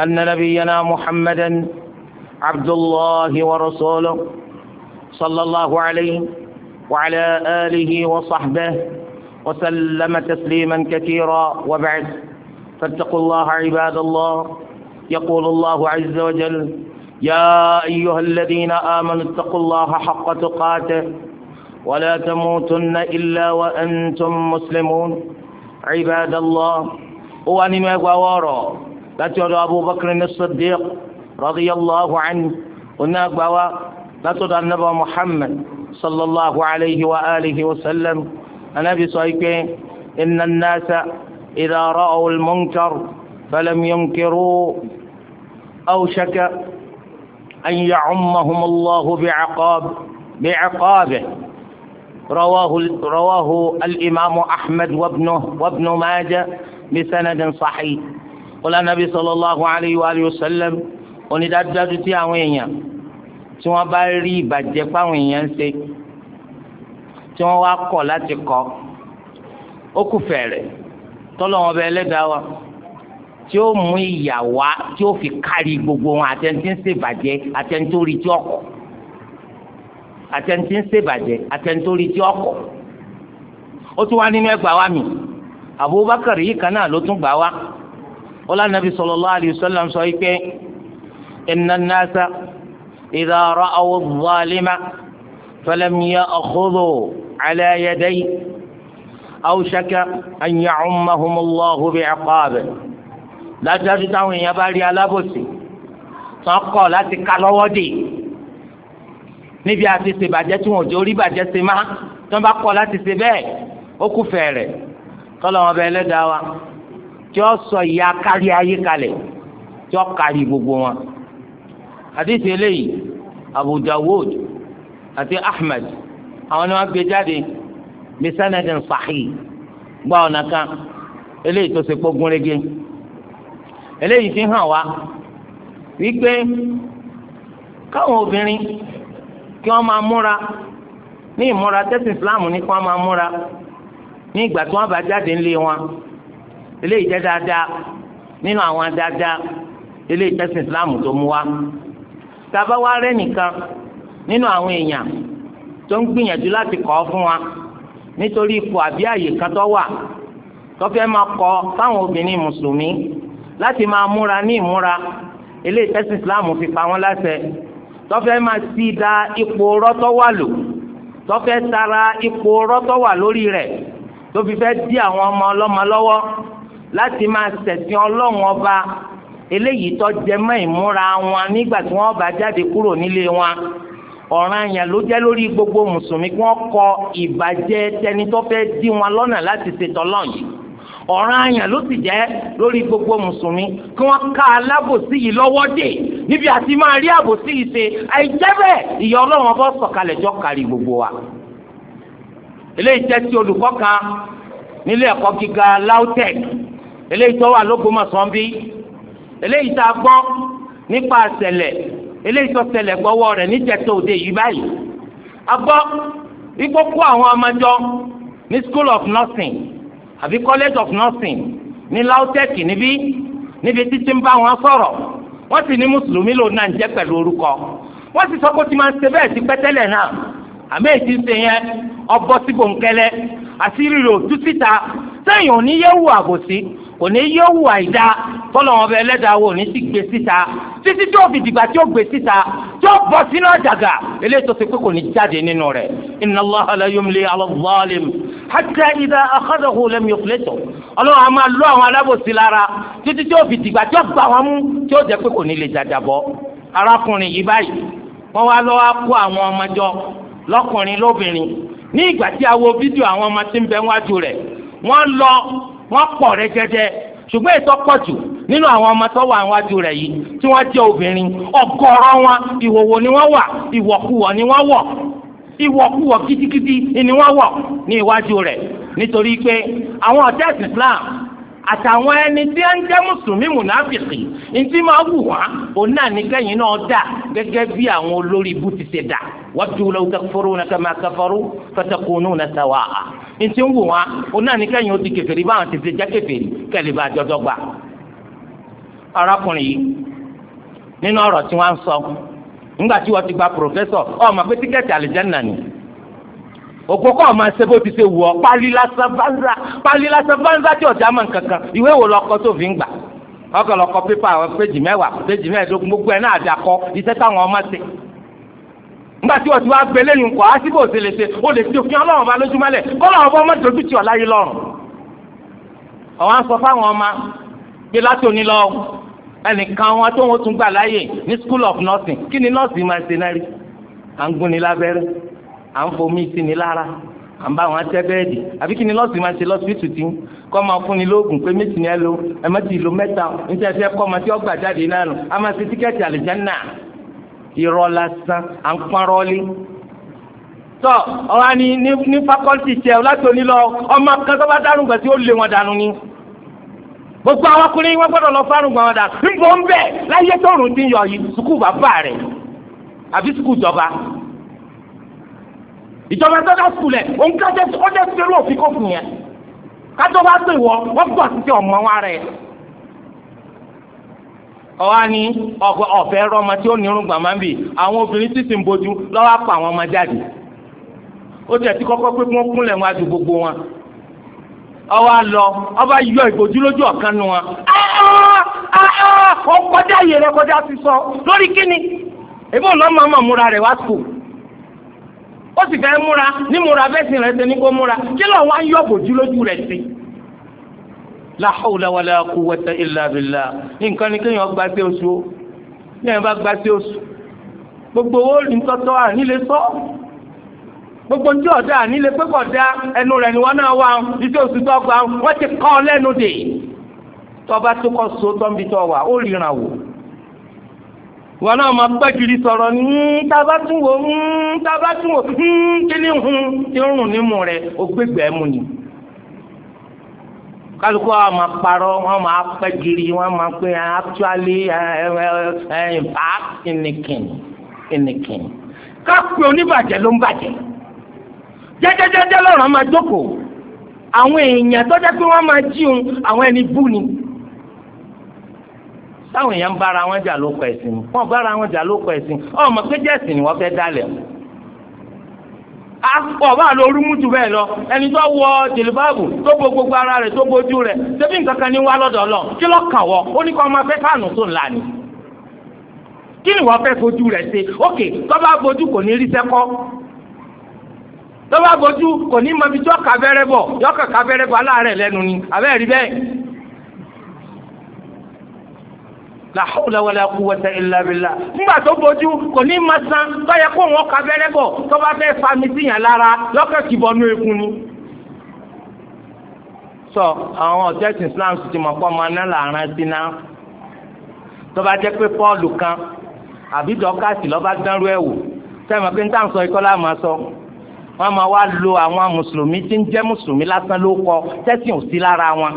أن نبينا محمدا عبد الله ورسوله صلى الله عليه وعلى آله وصحبه وسلم تسليما كثيرا وبعد فاتقوا الله عباد الله يقول الله عز وجل يا أيها الذين آمنوا اتقوا الله حق تقاته ولا تموتن إلا وأنتم مسلمون عباد الله هو ما قوارا لا أبو بكر الصديق رضي الله عنه قلنا قوا لا النبي محمد صلى الله عليه وآله وسلم النبي صحيح إن الناس إذا رأوا المنكر فلم ينكروا أو شك أن يعمهم الله بعقاب بعقابه رواه رواه الإمام أحمد وابنه وابن ماجه بسند صحيح قال النبي صلى الله عليه وآله وسلم onídàájú tí àwọn èèyàn tí wọ́n bá rí ìbàjẹ́ fáwọn èèyàn ń ṣe tí ó mú ìyà wá tí ó fi kárí gbogbo wọn àtẹnudí ń ṣèbàjẹ́ àtẹnudórí tí ọkọ̀ àtẹnudí ń ṣèbàjẹ́ àtẹnudórí tí ọkọ̀ ó tún wá nínú ẹgbàá wa mi Abubakar yìí kan náà ló tún gbà wá ọlànàbí sallallahu alayhi wa sallam sọ yìí pé inna an-nasa idha ra'aw adh-dhalima falam ya'khudhu ala yadayhi aw shaka an ya'ummahum Allahu bi'iqabihi dájúdájú táwọn èèyàn bá rí alábòsí tán kọ̀ láti ka lọ́wọ́ dè níbi àti ṣe bàjẹ́ tí wọn ò jẹ́ orí bàjẹ́ ṣe má tí wọn bá kọ̀ láti ṣe bẹ́ẹ̀ ó kù fẹ̀rẹ̀ kọ́lọ̀ wọn bẹ ẹlẹ́dàá wa tí ó sọ ìyà kárí ayé kalẹ̀ tí ó kárí gbogbo wọn. àdìsí eléyìí Abu Dawud àti Ahmad àwọn ni wọn gbé jáde bisanadin sahih gbọ́ ọ̀nà kan eléyìí tó ṣe pọ́ gúnrégé. eléyìí fi hàn wá wípé káwọn obìnrin kí wọ́n máa múra ní ìmúra tẹ́sán islam ní kí wọ́n máa múra ní ìgbà tí bá jáde ńlé wọn eléyìí jẹ́ dáadáa nínú àwọn dáadáa eléyìí tẹ́sán islam tó mú wá tàbá wá rẹ́ nìkan nínú àwọn èèyàn tó ń gbìyànjú láti kọ́ fún wa nítorí ipò àbí àyè kan láti máa múra ní ìmúra ilé ìtẹ́sí islam fi pa wọ́n láṣẹ tọ́fẹ́ máa ti da ipò rọ́tọ́ wà lò tọ́fẹ́ tara ipò rọ́tọ́ wà lórí rẹ̀ tó fi fẹ́ dí àwọn ọmọ ọlọ́mọ lọ́wọ́ láti máa ṣẹ̀sìn ọlọ́run ọba eléyìí tó jẹ mọ́ ìmúra wọn nígbà tí wọ́n bá jáde kúrò nílé wọn ọ̀ranyàn ló jẹ́ lórí gbogbo mùsùlùmí kí wọ́n kọ ìbàjẹ́ tẹni dí wọn lọ́nà láti ṣètọ́lọ́yìn ọ̀ranyàn ló sì jẹ́ lórí gbogbo mùsùlùmí kí wọ́n ká alábòsí yìí lọ́wọ́ dè níbi àti máa rí àbòsí yìí ṣe àìjẹ́ bẹ́ẹ̀ ìyà ọlọ́run ọba sọ̀kalẹ̀ jọ kárí gbogbo wa. eléyìí jẹ́ ti olùkọ́ kan nílé ẹ̀kọ́ gíga LAUTECH eléyìí tó wà lÓgbómọ̀ṣọ́ bí eléyìí tá a gbọ́ nípa àṣẹlẹ̀ eléyìí tó ṣẹlẹ̀ gbọ́wọ́ rẹ̀ níjẹ̀tọ̀ òde yìí báyìí a gbọ́ ikú kó àwọn ọmọ ní school of nursing àbí college of nursing ní LAUTECH níbí níbi títí ń bá wọn sọ̀rọ̀ wọ́n sì ní mùsùlùmí lòun náà ń jẹ́ pẹ̀lú orúkọ wọ́n sì sọ pé tí máa ń ṣe bẹ́ẹ̀ ti pẹ́tẹ́lẹ̀ náà àmì èyí ń ṣe yẹn ọbọ̀ sí bòńkẹ́lẹ́ àṣírí rò tú síta sẹ́yìn òní yẹ́ wù àbòsí òní yẹ́ wù àìdá tọ́lọ̀ wọn bẹ ẹlẹ́dàá wo òní sì gbé síta títí tí fi dìgbà tí ó gbé síta tí ó bọ̀ sínú àjàgà eléyìí tó ti pé kò ní jáde nínú rẹ̀ inna Allaha la yumli ala zalim hàtà ìdá akádọ̀hù lẹ́mu ìfúlẹ́tọ̀ ọlọ́run a máa lọ àwọn alábòsí lára títí tí ó fi dìgbà tí ó gbà wọn mú tí ó jẹ́ pé kò ní lè jàjà bọ́ arákùnrin yìí báyìí wọ́n wá lọ́wọ́ kó àwọn ọmọjọ́ lọ́kùnrin lóbìnrin ní ìgbà tí a wo fídíò àwọn ọmọ tí ń bẹ wájú rẹ̀ wọ́n lọ wọ́n pọ̀ rẹ jẹjẹ ṣùgbọ́n ètò pọ̀ jù nínú àwọn ọmọ tó wà wájú rẹ̀ yìí tí wọ́n jẹ́ obìnrin ọ̀gọ̀rọ̀ wọn ìwòwò ni wọ́n wà ìwọ̀kuwọ̀ ni wọ́n wọ̀ ìwọ̀kuwọ̀ kitikiti ni wọ́n wọ̀ ní iwájú rẹ̀ nítorí pé àwọn ọ̀tá ẹ̀sìn Islam àtàwọn ẹni tí ń jẹ́ mùsùlùmí mùnàfìkì ntí máa wù wá òun náà ní kẹ́yìn náà dà gẹ́gẹ́ bí àwọn olórí ibú ti ṣe dà waddu law takfuruna kama kafaru fatakununa sawaa ntí ń wù wá òun náà ní kẹ́yìn ó ti kèfèrí báwọn ti ṣe jẹ́ kèfèrí kẹ́lẹ́ bá jọjọ́ gbà. arákùnrin yìí nínú ọ̀rọ̀ tí wọ́n ń sọ ńgbà tí wọ́n ti gba pòfẹ́sọ̀ ọmọ pé tíkẹ́ẹ̀tì àlìjẹ́nà ni òkókó ọmọ ẹsẹ bó ti ṣe wù ọ pálí lásán bánzá pálí lásán bánzá tí ọjà máa ń kankan ìwé wo lọkọ tó fi ń gbà ọkọ lọkọ pépà àwọn péjì mẹ́wàá péjì mẹ́ẹ̀ẹ́dógún gbogbo ẹ náà dàkọ iṣẹ́ táwọn ọmọ ṣe nígbà tí wọ́n ti wá gbélé ní nǹkan àti bó ó lè fi òfin ọlọ́run bá lójúmọ́lẹ̀ kọ́lá ọmọ dojú ti ọ̀láyé lọ́rùn. àwọn sọ fáwọn ọmọ ẹnìkan wọn tó wọn tún gbà láàyè ní school of nursing kí ni nọ́ọ̀sì máa ṣe náà rí à ń gúnni lábẹ́rẹ́ à ń fomi sí ni lára à ń bá wọn tẹ́ bẹ́ẹ̀dì àbí kí ni nọ́ọ̀sì máa ṣe lọ́sibítù tí kọ́ máa fún ni lóògùn pé méjì ni ẹ lo ẹ má ti lo mẹ́ta níta ẹ fẹ́ kọ́ ọmọ tí ó gbà jáde náà nù a máa ṣe tíkẹ́ẹ̀tì àlìjánà irọ́ lásán à ń parọ́lé tọ́ ọ̀hání ní faculty tiẹ̀ látòní lọ ọmọ kan tó bá dárúgbà tí ó lé wọn dànù ni gbogbo àwọn ọkùnrin wọn gbọ́dọ̀ lọ fárùn gbọn ọdà nígbà ó ń bẹ láyé tóòrùn dín yọ yìí sukù bàbá rẹ àbí sukù jọba ìjọba sọdá sùlẹ òun ọjọ sẹrú òfin kò yẹn kájọ bá wọ wọn gbọ títí ọmọ wa rẹ ọwọ́ ni ọ̀fẹ́ rọmọ tí ó nírun gbàmá ń bì àwọn obìnrin títí ń bójú lọ́wọ́ pa àwọn ọmọ jáde ó jẹ́ ti kọ́kọ́ pé kí wọ́n kúnlẹ̀ wọn adùn gbogbo wọn ọwọ́ lọ ọba yọ ìgbòjú lójú ọ̀kan nu wọn. ọkọjá yìí rẹ kọjá ti sọ lórí kíni èmi ò lọ mọ ọmọ múra rẹ wá sùn ó sì fẹ́ múra ní múra bẹ́sìn rẹ ṣe ní kó múra kí ló wá ń yọ ìgbòjú lójú rẹ sí. la hawla wala quwwata illa billah nǹkan ni kéèyàn gba sí oṣù ó kéèyàn bá gba sí oṣù gbogbo owó ìtọ́tọ́ à gbogbo ní ọ̀dà nílé pé kọ̀dá ẹnu rẹ̀ ni wọ́n náà wà ń iṣẹ́ oṣù tó gbà wọ́n ti kọ́ lẹ́nu dè tọ́ba tó kọ́ so tọ́bi tó wà ó ríran wò wọn náà máa gbẹ́gìrì sọ̀rọ̀ ní hmm, tábà tún wò ń hmm, tábà tún wò ń hmm, kíní hun tí ń rùn nímú rẹ̀ ó gbégbé mu ni kálukú wa máa parọ́ wọn máa pẹ́gìrì wọn máa pé actually uh, uh, uh, in fact ìnìkìnì ìnìkìnì ká pé oníbàjẹ́ ló ń bàjẹ́. jẹ́jẹ́jẹ́jẹ́ lọ́rọ̀ máa jókòó àwọn èèyàn tó jẹ́ pé wọ́n máa jíun àwọn ẹni bú ni táwọn èèyàn ń bára wọn jà lóko ẹ̀sìn wọn bára wọn jà lóko ẹ̀sìn ọmọ pé jẹ́sìn ni wọ́n fẹ́ dálẹ̀ ọba àlọ orúmú bẹ́ẹ̀ lọ ẹni tó wọ jìlìbáàbù tó bo gbogbo ara rẹ̀ tó bojú rẹ̀ débi nǹkan kan ní wá lọ́dọ̀ lọ kí ló kàn wọ́ ó ní kó ọmọ fẹ́ fàánù tó ńlá ni kí ni wọ́n fẹ́ fojú rẹ̀ ṣe ókè tó bá bojú kò ní rí sẹ́kọ́ lọ́wọ́ àgbójú kò ní mọ ibi tí ọkà abẹ́rẹ́ bọ̀ yọkà ká abẹ́rẹ́ bọ̀ aláàárẹ̀ lẹ́nu ni abẹ́rẹ́ bẹ́ẹ̀. la hawla wala quwwata illa billah nígbà tó bójú kò ní mọ san tó yẹ kó wọn ká abẹ́rẹ́ bọ̀ tó bá fẹ́ fa mi síyàn lára lọ́kà kìbọnú ekun ni. sọ àwọn ọ̀tẹ́sìn Islam ti mọ̀ pọ́ ọmọ náà làárín sí náà tó bá jẹ́ pé Pọ́ọ̀lù kan àbí dọ́kàsì lọ́ bá dánrú ẹ̀ sẹ́mi pé ń tà ń sọ ikọ́ láàmú asọ́ wọ́n máa wá lo àwọn mùsùlùmí tí ń jẹ́ mùsùlùmí lásán ló kọ tẹ́sìn ò sí lára wọn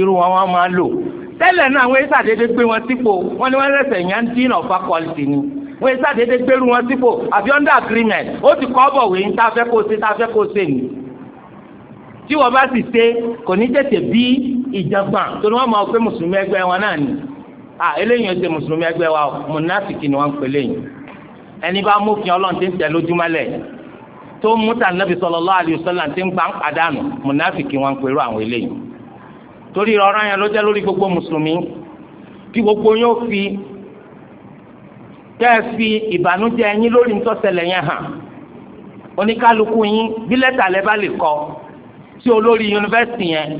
irú wọn wọ́n máa lò tẹ́lẹ̀ náà àwọn èsà déédéé gbé wọn sípò wọ́n ní wọ́n lẹ́sẹ̀ yẹn ń dín ọ̀fà kọ́lìtì ni wọ́n èsà déédéé gbérú wọn sípò àfi under agreement ó ti kọ́ bọ̀ wé ní tá a fẹ́ kó ṣe tá a fẹ́ kó ṣe ni tí wọ́n bá sì ṣe kò ní tètè bí ìjàngbọ̀n tó ní wọ́n máa pé mùsùlùmí ẹgbẹ́ wọn náà ni à eléyìí ń ṣe mùsùlùmí ẹgbẹ́ wa mùnáfìkì ni wọ́n ń pè léyìn ẹni bá mú fi ọlọ́run ti ń tẹ̀ lójúmọ́lẹ̀ tó mú tà nàbì sallallahu alaihi wasallam tí ń gbà ń padànù mùnàfìkì wọn pẹ̀lú àwọn eléyìí torí ọ̀rọ̀ yẹn ló jẹ́ lórí gbogbo mùsùlùmí kí gbogbo yóò fi kẹ́ ẹ fi ìbànújẹ́ yín lórí ntọ́sẹ̀lẹ̀ yẹn hàn oníkálukú yín bí lẹ́tà lẹ́ bá lè kọ sí olórí yunifásitì yẹn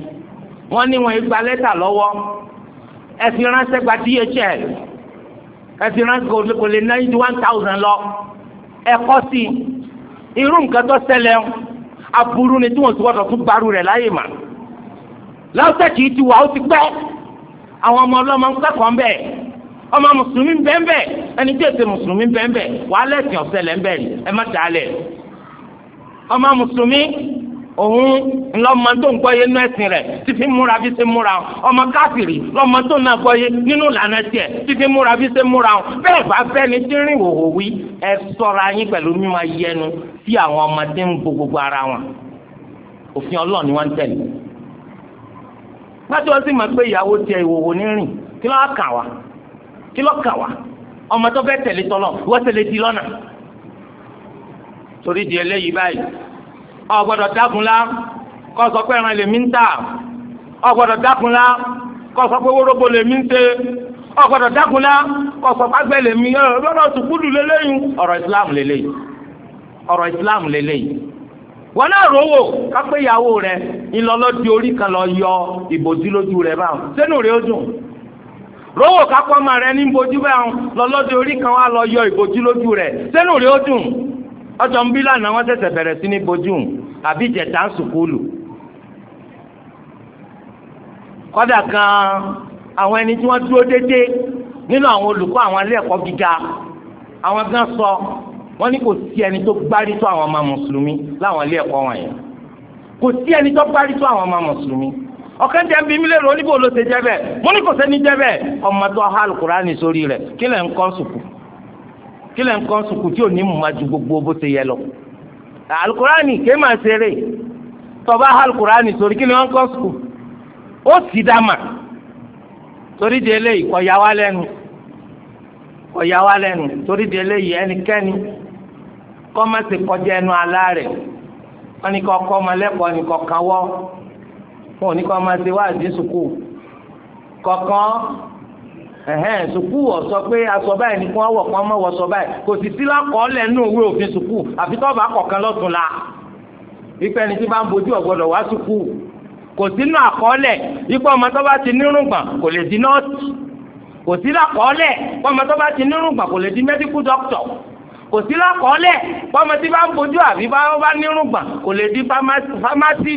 wọ́n ní wọ́n gba lẹ́tà lọ́wọ́ ẹ fi ránṣẹ́ gba DHL ẹ fi ránṣẹ́ kò lè náírà one thousand lọ ẹ kọ́ sí i irú nǹkan tó ṣẹlẹ̀ ń aburú ni tí wọ́n ti wọ́n tún gbarú rẹ̀ láyè mà lọ́sẹ̀ kìí ti wà ó ti pẹ́ àwọn ọmọ ọlọ́mọ ń kẹ́kọ̀ọ́ bẹ́ẹ̀ ọmọ mùsùlùmí bẹ́ẹ̀ ẹni tí èsè mùsùlùmí bẹ́ẹ̀ wàá lẹ́sìn ọ̀sẹ̀lẹ̀ bẹ́ẹ̀ ẹ má dàálẹ̀ ọmọ mùsùlùmí òun lọ́mọ tó ń gbọ́yé nú ẹ̀sìn rẹ̀ tí fi múra bí ṣe múra o ọmọ káfìrí lọ́mọ tó náà gbọ́yé nínú ìlànà tiẹ̀ tí fi múra bí ṣe múra o bẹ́ẹ̀ bá fẹ́ni tí ń rìn wòwò wí ẹ ṣọ́ra yín pẹ̀lú mímọ yẹnu tí àwọn ọmọ tí ń bo gbogbo ara wọn òfin ọlọ́ọ̀ ni wọ́n ń tẹ̀lé pátí wọ́n sì mọ̀ pé ìyàwó tiẹ̀ ìwòwò ní rìn kí ló kà wá kí ló kà wá ọmọ tó fẹ́ tẹ̀lé tọ́lọ̀ wọ́n tẹ̀lé ti lọ́nà torí di eléyìí báyìí Ọgbọdọ gbọ́dọ̀ dákunlá kó sọ pé ẹran lèmi ń tà ọ dákunlá kó pé wórógbó lèmi ń ṣe dákunlá ọ̀rọ̀ islam lelee. ọ̀rọ̀ islam wọn náà rówó rẹ ńlọlọ di orí kan lọ yọ ìbòjú lójú rẹ báwọn sẹ́nu rẹ ó dùn rówó kápọ́ ọmọ rẹ ní ìbòjú báwọn orí kan yọ ìbòjú lójú rẹ sẹ́nu rẹ ó ọjọ́ ń bí lánàá wọ́n ṣẹ̀ṣẹ̀ bẹ̀rẹ̀ sí ní bojú àbí ìjẹ̀ta ń sùkúlù kọ́dà kan àwọn ẹni tí wọ́n dúró déédéé nínú àwọn olùkọ́ àwọn ilé ẹ̀kọ́ gíga àwọn gan sọ wọ́n ní kò sí ẹni tó gbárí tó àwọn ọmọ mùsùlùmí láwọn ilé ẹ̀kọ́ wọ̀nyẹn kò sí ẹni tó gbárí tó àwọn ọmọ mùsùlùmí ọ̀kan jẹ́ bí mi lérò oníbò ló ṣe jẹ́ bẹ́ẹ̀ mo ní kò sẹ́ni jẹ́ bẹ́ẹ̀ ọmọ tó há alukurani sórí rẹ̀ kí ń kọ́ sùkùn kílẹ̀ nǹkan sùkù tí ò ní mọ̀ ju gbogbo bó ṣe yẹ lọ. alukurani kéé máa ṣeré tọba alukurani sórí kílẹ̀ wọn kọ́ sùkù ó sì dá mà torí de eléyìí kọ̀ ya wá lẹ́nu kọ̀ ya wá lẹ́nu torí de eléyìí ẹnikẹ́ni kọ́ má ṣe kọjá ẹnu alá rẹ̀ wọ́n ní kọ́ kọ́ ọmọ lẹ́kọ̀ọ́ ní kọ́ kan wọ́ ní kọ́ ọmọ ṣe wá àdín sùkù kọ̀ọ̀kan ẹ̀hẹ́n sùkú ọ̀sọ pé aṣọ báyìí ni kí wọ́n wọ̀ kí wọ́n mọ̀ wọ́sọ báyìí kò sì sí lákọọ́lẹ̀ nínú òwe òfin sùkú àfi tọ́ọ̀bù akọ̀kan lọ́tún la ipe ẹni tí bá ń bojú ọ̀gbọ́dọ̀ wá sùkú kò sínú àkọọ́lẹ̀ ipò ọmọ tó bá ti nírùngbọ̀n kò lè di nọ́ọ̀tì kò sí lákọọ́lẹ̀ ọmọ tó bá ti nírùngbọ̀n kò lè di mẹ́díkù dọ́kítọ̀ kò sí lákọọ́lẹ̀ ọmọ tí bá ń bojú àbí bá nírùngbọ̀n kò lè di fámásì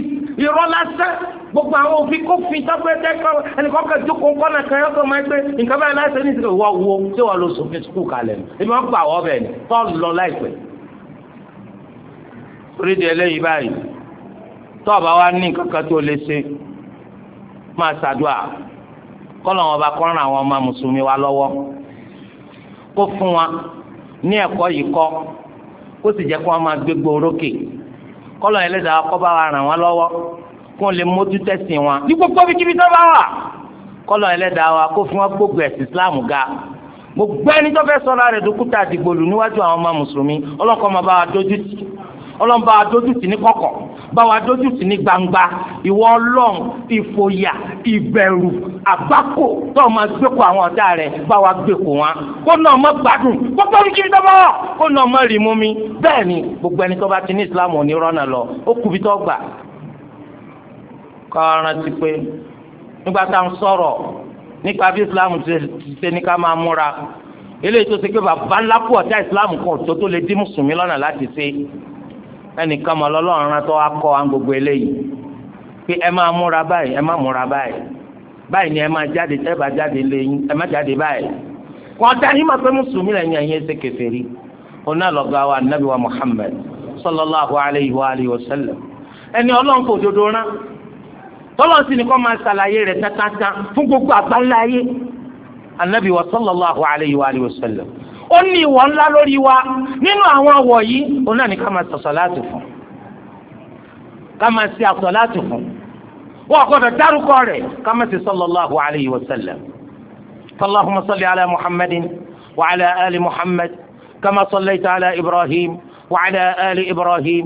irọ́ lásán gbogbo àwọn òfin kófin tọ́pẹ́tẹ́ kọ́ ẹnìkan kan jókòó kọ́nà kan yọkọ̀ máa gbé nǹkan báyìí láìsẹ̀ ní ìsìnkú wọ́n wo tí wọ́n lọ sòfin sukù kalẹ̀ ní ibi wọ́n gbà wọ́n bẹ̀ ní tọ́ lọ láìpẹ́. orí di eléyìí báyìí tọ́ ọ̀bá wa ní nǹkan kan tó lè ṣe máa ṣàdúà kọ́nà wọn bá kọ́ran àwọn ọmọ mùsùlùmí wa lọ́wọ́ kó fún wa ní ẹ̀kọ́ yìí kọ́ kó sì jẹ́ kó wọn máa gbégbó orókè kọ́nà ẹlẹ́dàá kọ́ bá wa ràn wọ́n lọ́wọ́ kí wọ́n lè mójú tẹ̀sìn wọn ní gbogbo bí kíbi tó bá wà kọ́lọ̀ ẹlẹ́dàá wa kó fi wọn gbogbo ẹ̀sìn Islam ga gbogbo ẹni tó fẹ́ sọ̀rọ̀ rẹ̀ dókúta àdìgbòlù níwájú àwọn ọmọ mùsùlùmí ọlọ́kọ́ máa bá wa dójú tì ọlọ́run bá wa dójú tì ní kọ̀kọ̀ bá wa dójú tì ní gbangba ìwọ ọlọ́run ìfòyà ìbẹ̀rù àgbákò tó o máa gbẹ́kọ̀ àwọn ọ̀tá rẹ̀ bá wa gbẹ́kọ̀ wọn kó náà má gbádùn kó tóbi kiri tó bá wọ̀ kó náà má rì mú mi bẹ́ẹ̀ ni gbogbo ẹni tó bá ti ní ìsìlámù onírọ́nà lọ ó kùbi tó gbà kọ́ran ti pé nígbà tá à ń sọ̀rọ̀ nípa bí islam ti ṣe ní ká máa múra eléyìí tó ṣe pé bàbá ńlá kú ọ̀tá islam kan tó tó lè dí mùsùlùmí lọ́nà láti ṣe ẹnìkan mọ̀ lọ́lọ́run rán tó wá kọ́ wa gbogbo eléyìí pé ẹ máa múra báyìí ẹ máa múra báyìí báyìí ni ẹ máa jáde ẹ bá jáde lẹ́yìn ẹ má jáde báyìí wọn yín máa pé mùsùlùmí lẹ́yìn ẹ̀yìn ẹsẹ̀ kèfèrí oná lọ́gá wa nabi wa muhammad sallallahu alayhi wa alihi wa sallam ẹni tọ́lọ́n sì ni kọ́ máa ṣàlàyé rẹ̀ tátátá fún gbogbo àgbáńlá ayé anabi wa sallallahu alayhi wa alihi wa sallam ó ní ìwọ̀ ńlá lórí wa nínú àwọn àwọ̀ yìí ó náà ní ká máa sọ̀sọ̀ láti fún ká máa ṣe àsọ̀ láti fún wọ́n gbọ́dọ̀ dárúkọ rẹ̀ ká máa ṣe sallallahu alayhi wa sallam allahumma salli ala muhammadin wa ala ali muhammad kama sallaita ala ibrahim wa ala ali ibrahim.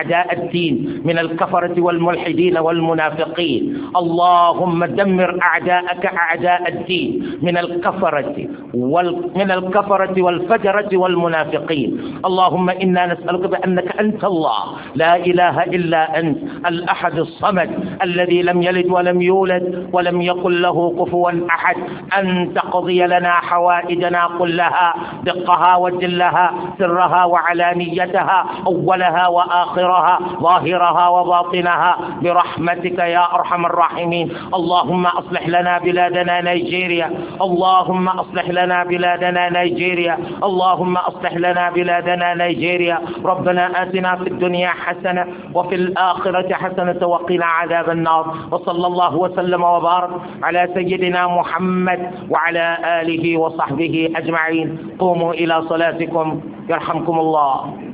أعداء الدين من الكفرة والملحدين والمنافقين اللهم دمر أعداءك أعداء الدين من الكفرة وال من الكفرة والفجرة والمنافقين اللهم إنا نسألك بأنك أنت الله لا إله إلا أنت الأحد الصمد الذي لم يلد ولم يولد ولم يقل له كفوا أحد أن تقضي لنا حوائجنا كلها دقها وجلها سرها وعلانيتها أولها وآخرها ظاهرها ظاهرها وباطنها برحمتك يا أرحم الراحمين اللهم أصلح لنا بلادنا نيجيريا اللهم أصلح لنا بلادنا نيجيريا اللهم أصلح لنا بلادنا نيجيريا ربنا آتنا في الدنيا حسنة وفي الآخرة حسنة وقنا عذاب النار وصلى الله وسلم وبارك على سيدنا محمد وعلى آله وصحبه أجمعين قوموا إلى صلاتكم يرحمكم الله